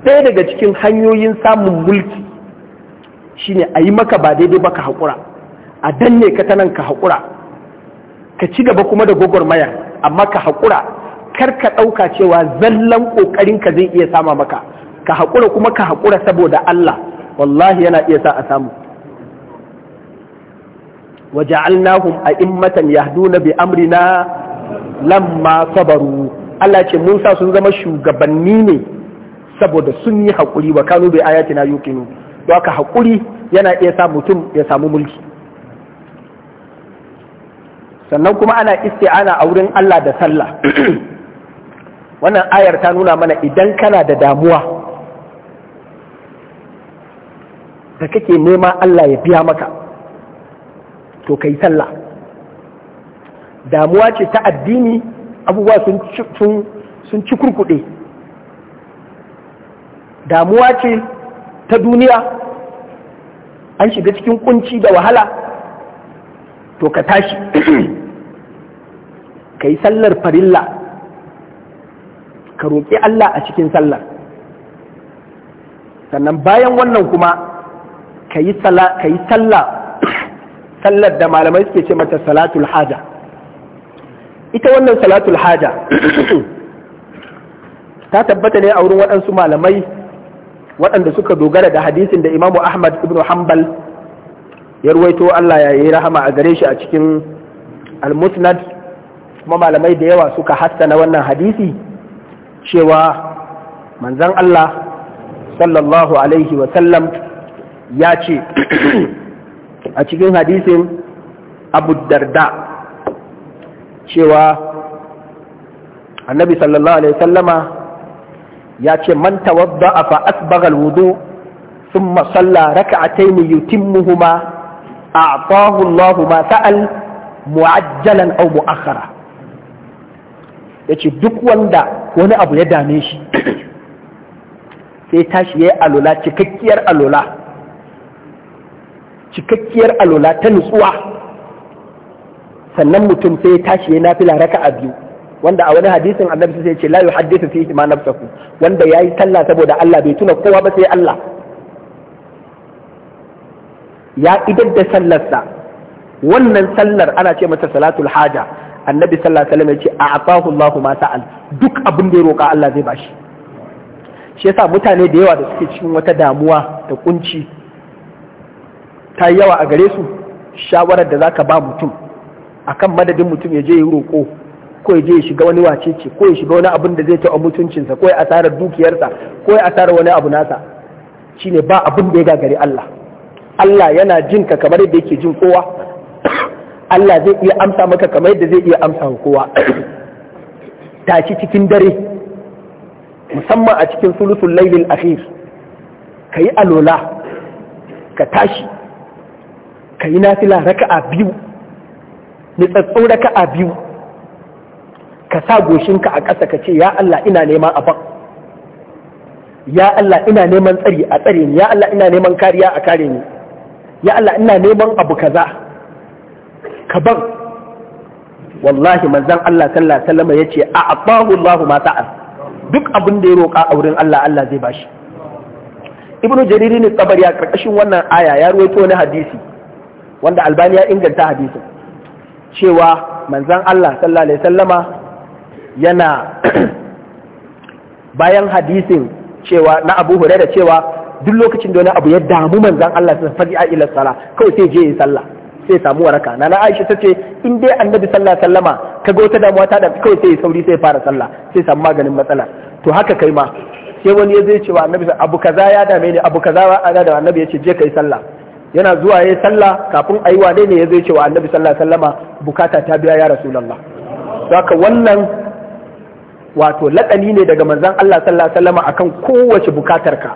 ɗaya daga cikin hanyoyin samun mulki Shin a yi maka ba daidai ba ka haƙura a danne ka tanan ka haƙura ka ci gaba kuma da maya amma ka haƙura kar ka ɗauka cewa zallan ka zai iya sama maka ka haƙura kuma ka haƙura saboda Allah wallahi yana iya sa a samu waja'alnahum a'immatan yahduna bi amrina lamma sabaru Allah ce mun sa sun zama shugabanni ne saboda sun yi haƙuri wa kanu bi ayatina yuqinu don haka haƙuri yana iya sa mutum ya samu mulki sannan kuma ana ana a wurin Allah da sallah wannan ayar ta nuna mana idan kana da damuwa da kake nema Allah ya biya maka to kai sallah damuwa ce ta addini abubuwa sun ci kurkuɗe damuwa ce ta duniya an shiga cikin kunci da wahala to ka tashi ka yi sallar farilla ka roƙi Allah a cikin sallar sannan bayan wannan kuma ka yi sallah sallar da malamai suke ce mata salatul haja ita wannan salatul haja ta tabbata ne a wurin waɗansu malamai waɗanda suka dogara da hadisin da imamu ahmad ibn hanbal ya ruwaito allah ya yi rahama a gare shi a cikin al-musnad kuma malamai da yawa suka hassana wannan hadisi cewa manzan allah sallallahu alaihi wasallam ya ce a cikin hadisin abu darda cewa annabi sallallahu alaihi wasallama ya ce man tawadda sun masalla alwudu a salla rak'atayn muhuma a Allahu ma sa'al mu'ajjalan aw Ya ce duk wanda wani abu ya dame shi sai tashi yayi alula cikakkiyar alula cikakkiyar alula ta nutsuwa sannan mutum sai tashi na nafila raka'a biyu wanda a wani hadisin annabi sai ce la yuhaddithu fihi ma nafsuhu wanda yayi talla saboda Allah bai tuna kowa ba sai Allah ya idan da sallarsa wannan sallar ana ce mata salatul haja annabi sallallahu alaihi wasallam ya ce a'tahu Allah ma sa'al duk abin da ya roka Allah zai bashi shi yasa mutane da yawa da suke cikin wata damuwa da kunci ta yawa a gare su shawarar da zaka ba mutum akan madadin mutum ya je ya roko ko ya je ya shiga wani wacece ko ya shiga wani abin da zai taɓa mutuncinsa ko ya asarar dukiyarsa ko ya asarar wani abu nasa shine ba abin da ya gagari Allah Allah yana jin ka kamar yadda yake jin kowa Allah zai iya amsa maka kamar yadda zai iya amsa kowa tashi cikin dare musamman a cikin sulusul lailil akhir kayi alola ka tashi kayi nafila raka'a biyu raka raka'a biyu ka sa goshinka a ƙasa ka ce ya Allah ina neman afan ya Allah ina neman tsari a tsare ni ya Allah ina neman kariya a kare ni ya Allah ina neman abu kaza ka ban wallahi manzon Allah sallallahu alaihi wasallam yace a abahu Allah ma ta'a. duk abin da ya roƙa a wurin Allah Allah zai bashi ibnu jariri ne tabari a karkashin wannan aya ya ruwaito wani hadisi wanda albani ya inganta hadisin cewa manzan Allah sallallahu alaihi sallama yana bayan hadisin cewa na abu da cewa duk lokacin da wani abu ya damu manzan Allah sai faɗi a ila sala kawai sai je yi sallah sai samu waraka na na Aisha ta ce in dai annabi sallallahu sallama ka kaga wata damuwa ta da kawai sai sauri sai fara sallah sai samu maganin matsala to haka kai ma sai wani ya zai cewa annabi abu kaza ya dame ni abu kaza a da annabi ya ce je kai sallah yana zuwa yayi sallah kafin ayi wane ne ya zai cewa annabi sallallahu alaihi wasallama bukata ta biya ya rasulullah haka wannan wato laƙani ne daga manzan Allah sallallahu alaihi wasallam akan kowace bukatarka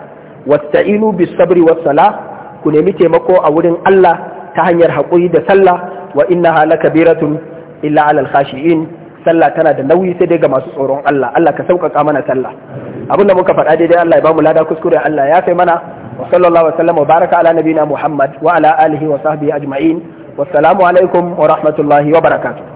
wasta'inu bis sabri was sala ku nemi taimako a wurin Allah ta hanyar haƙuri da sallah wa innaha kabiratun illa alal khashi'in sallah tana da nauyi sai dai ga masu tsoron Allah Allah ka sauƙaƙa mana sallah abin da muka faɗa daidai Allah ya bamu lada kuskure Allah ya sai mana wa sallallahu alaihi wa baraka ala nabina Muhammad wa ala alihi wa sahbihi ajma'in wassalamu alaikum wa rahmatullahi wa barakatuh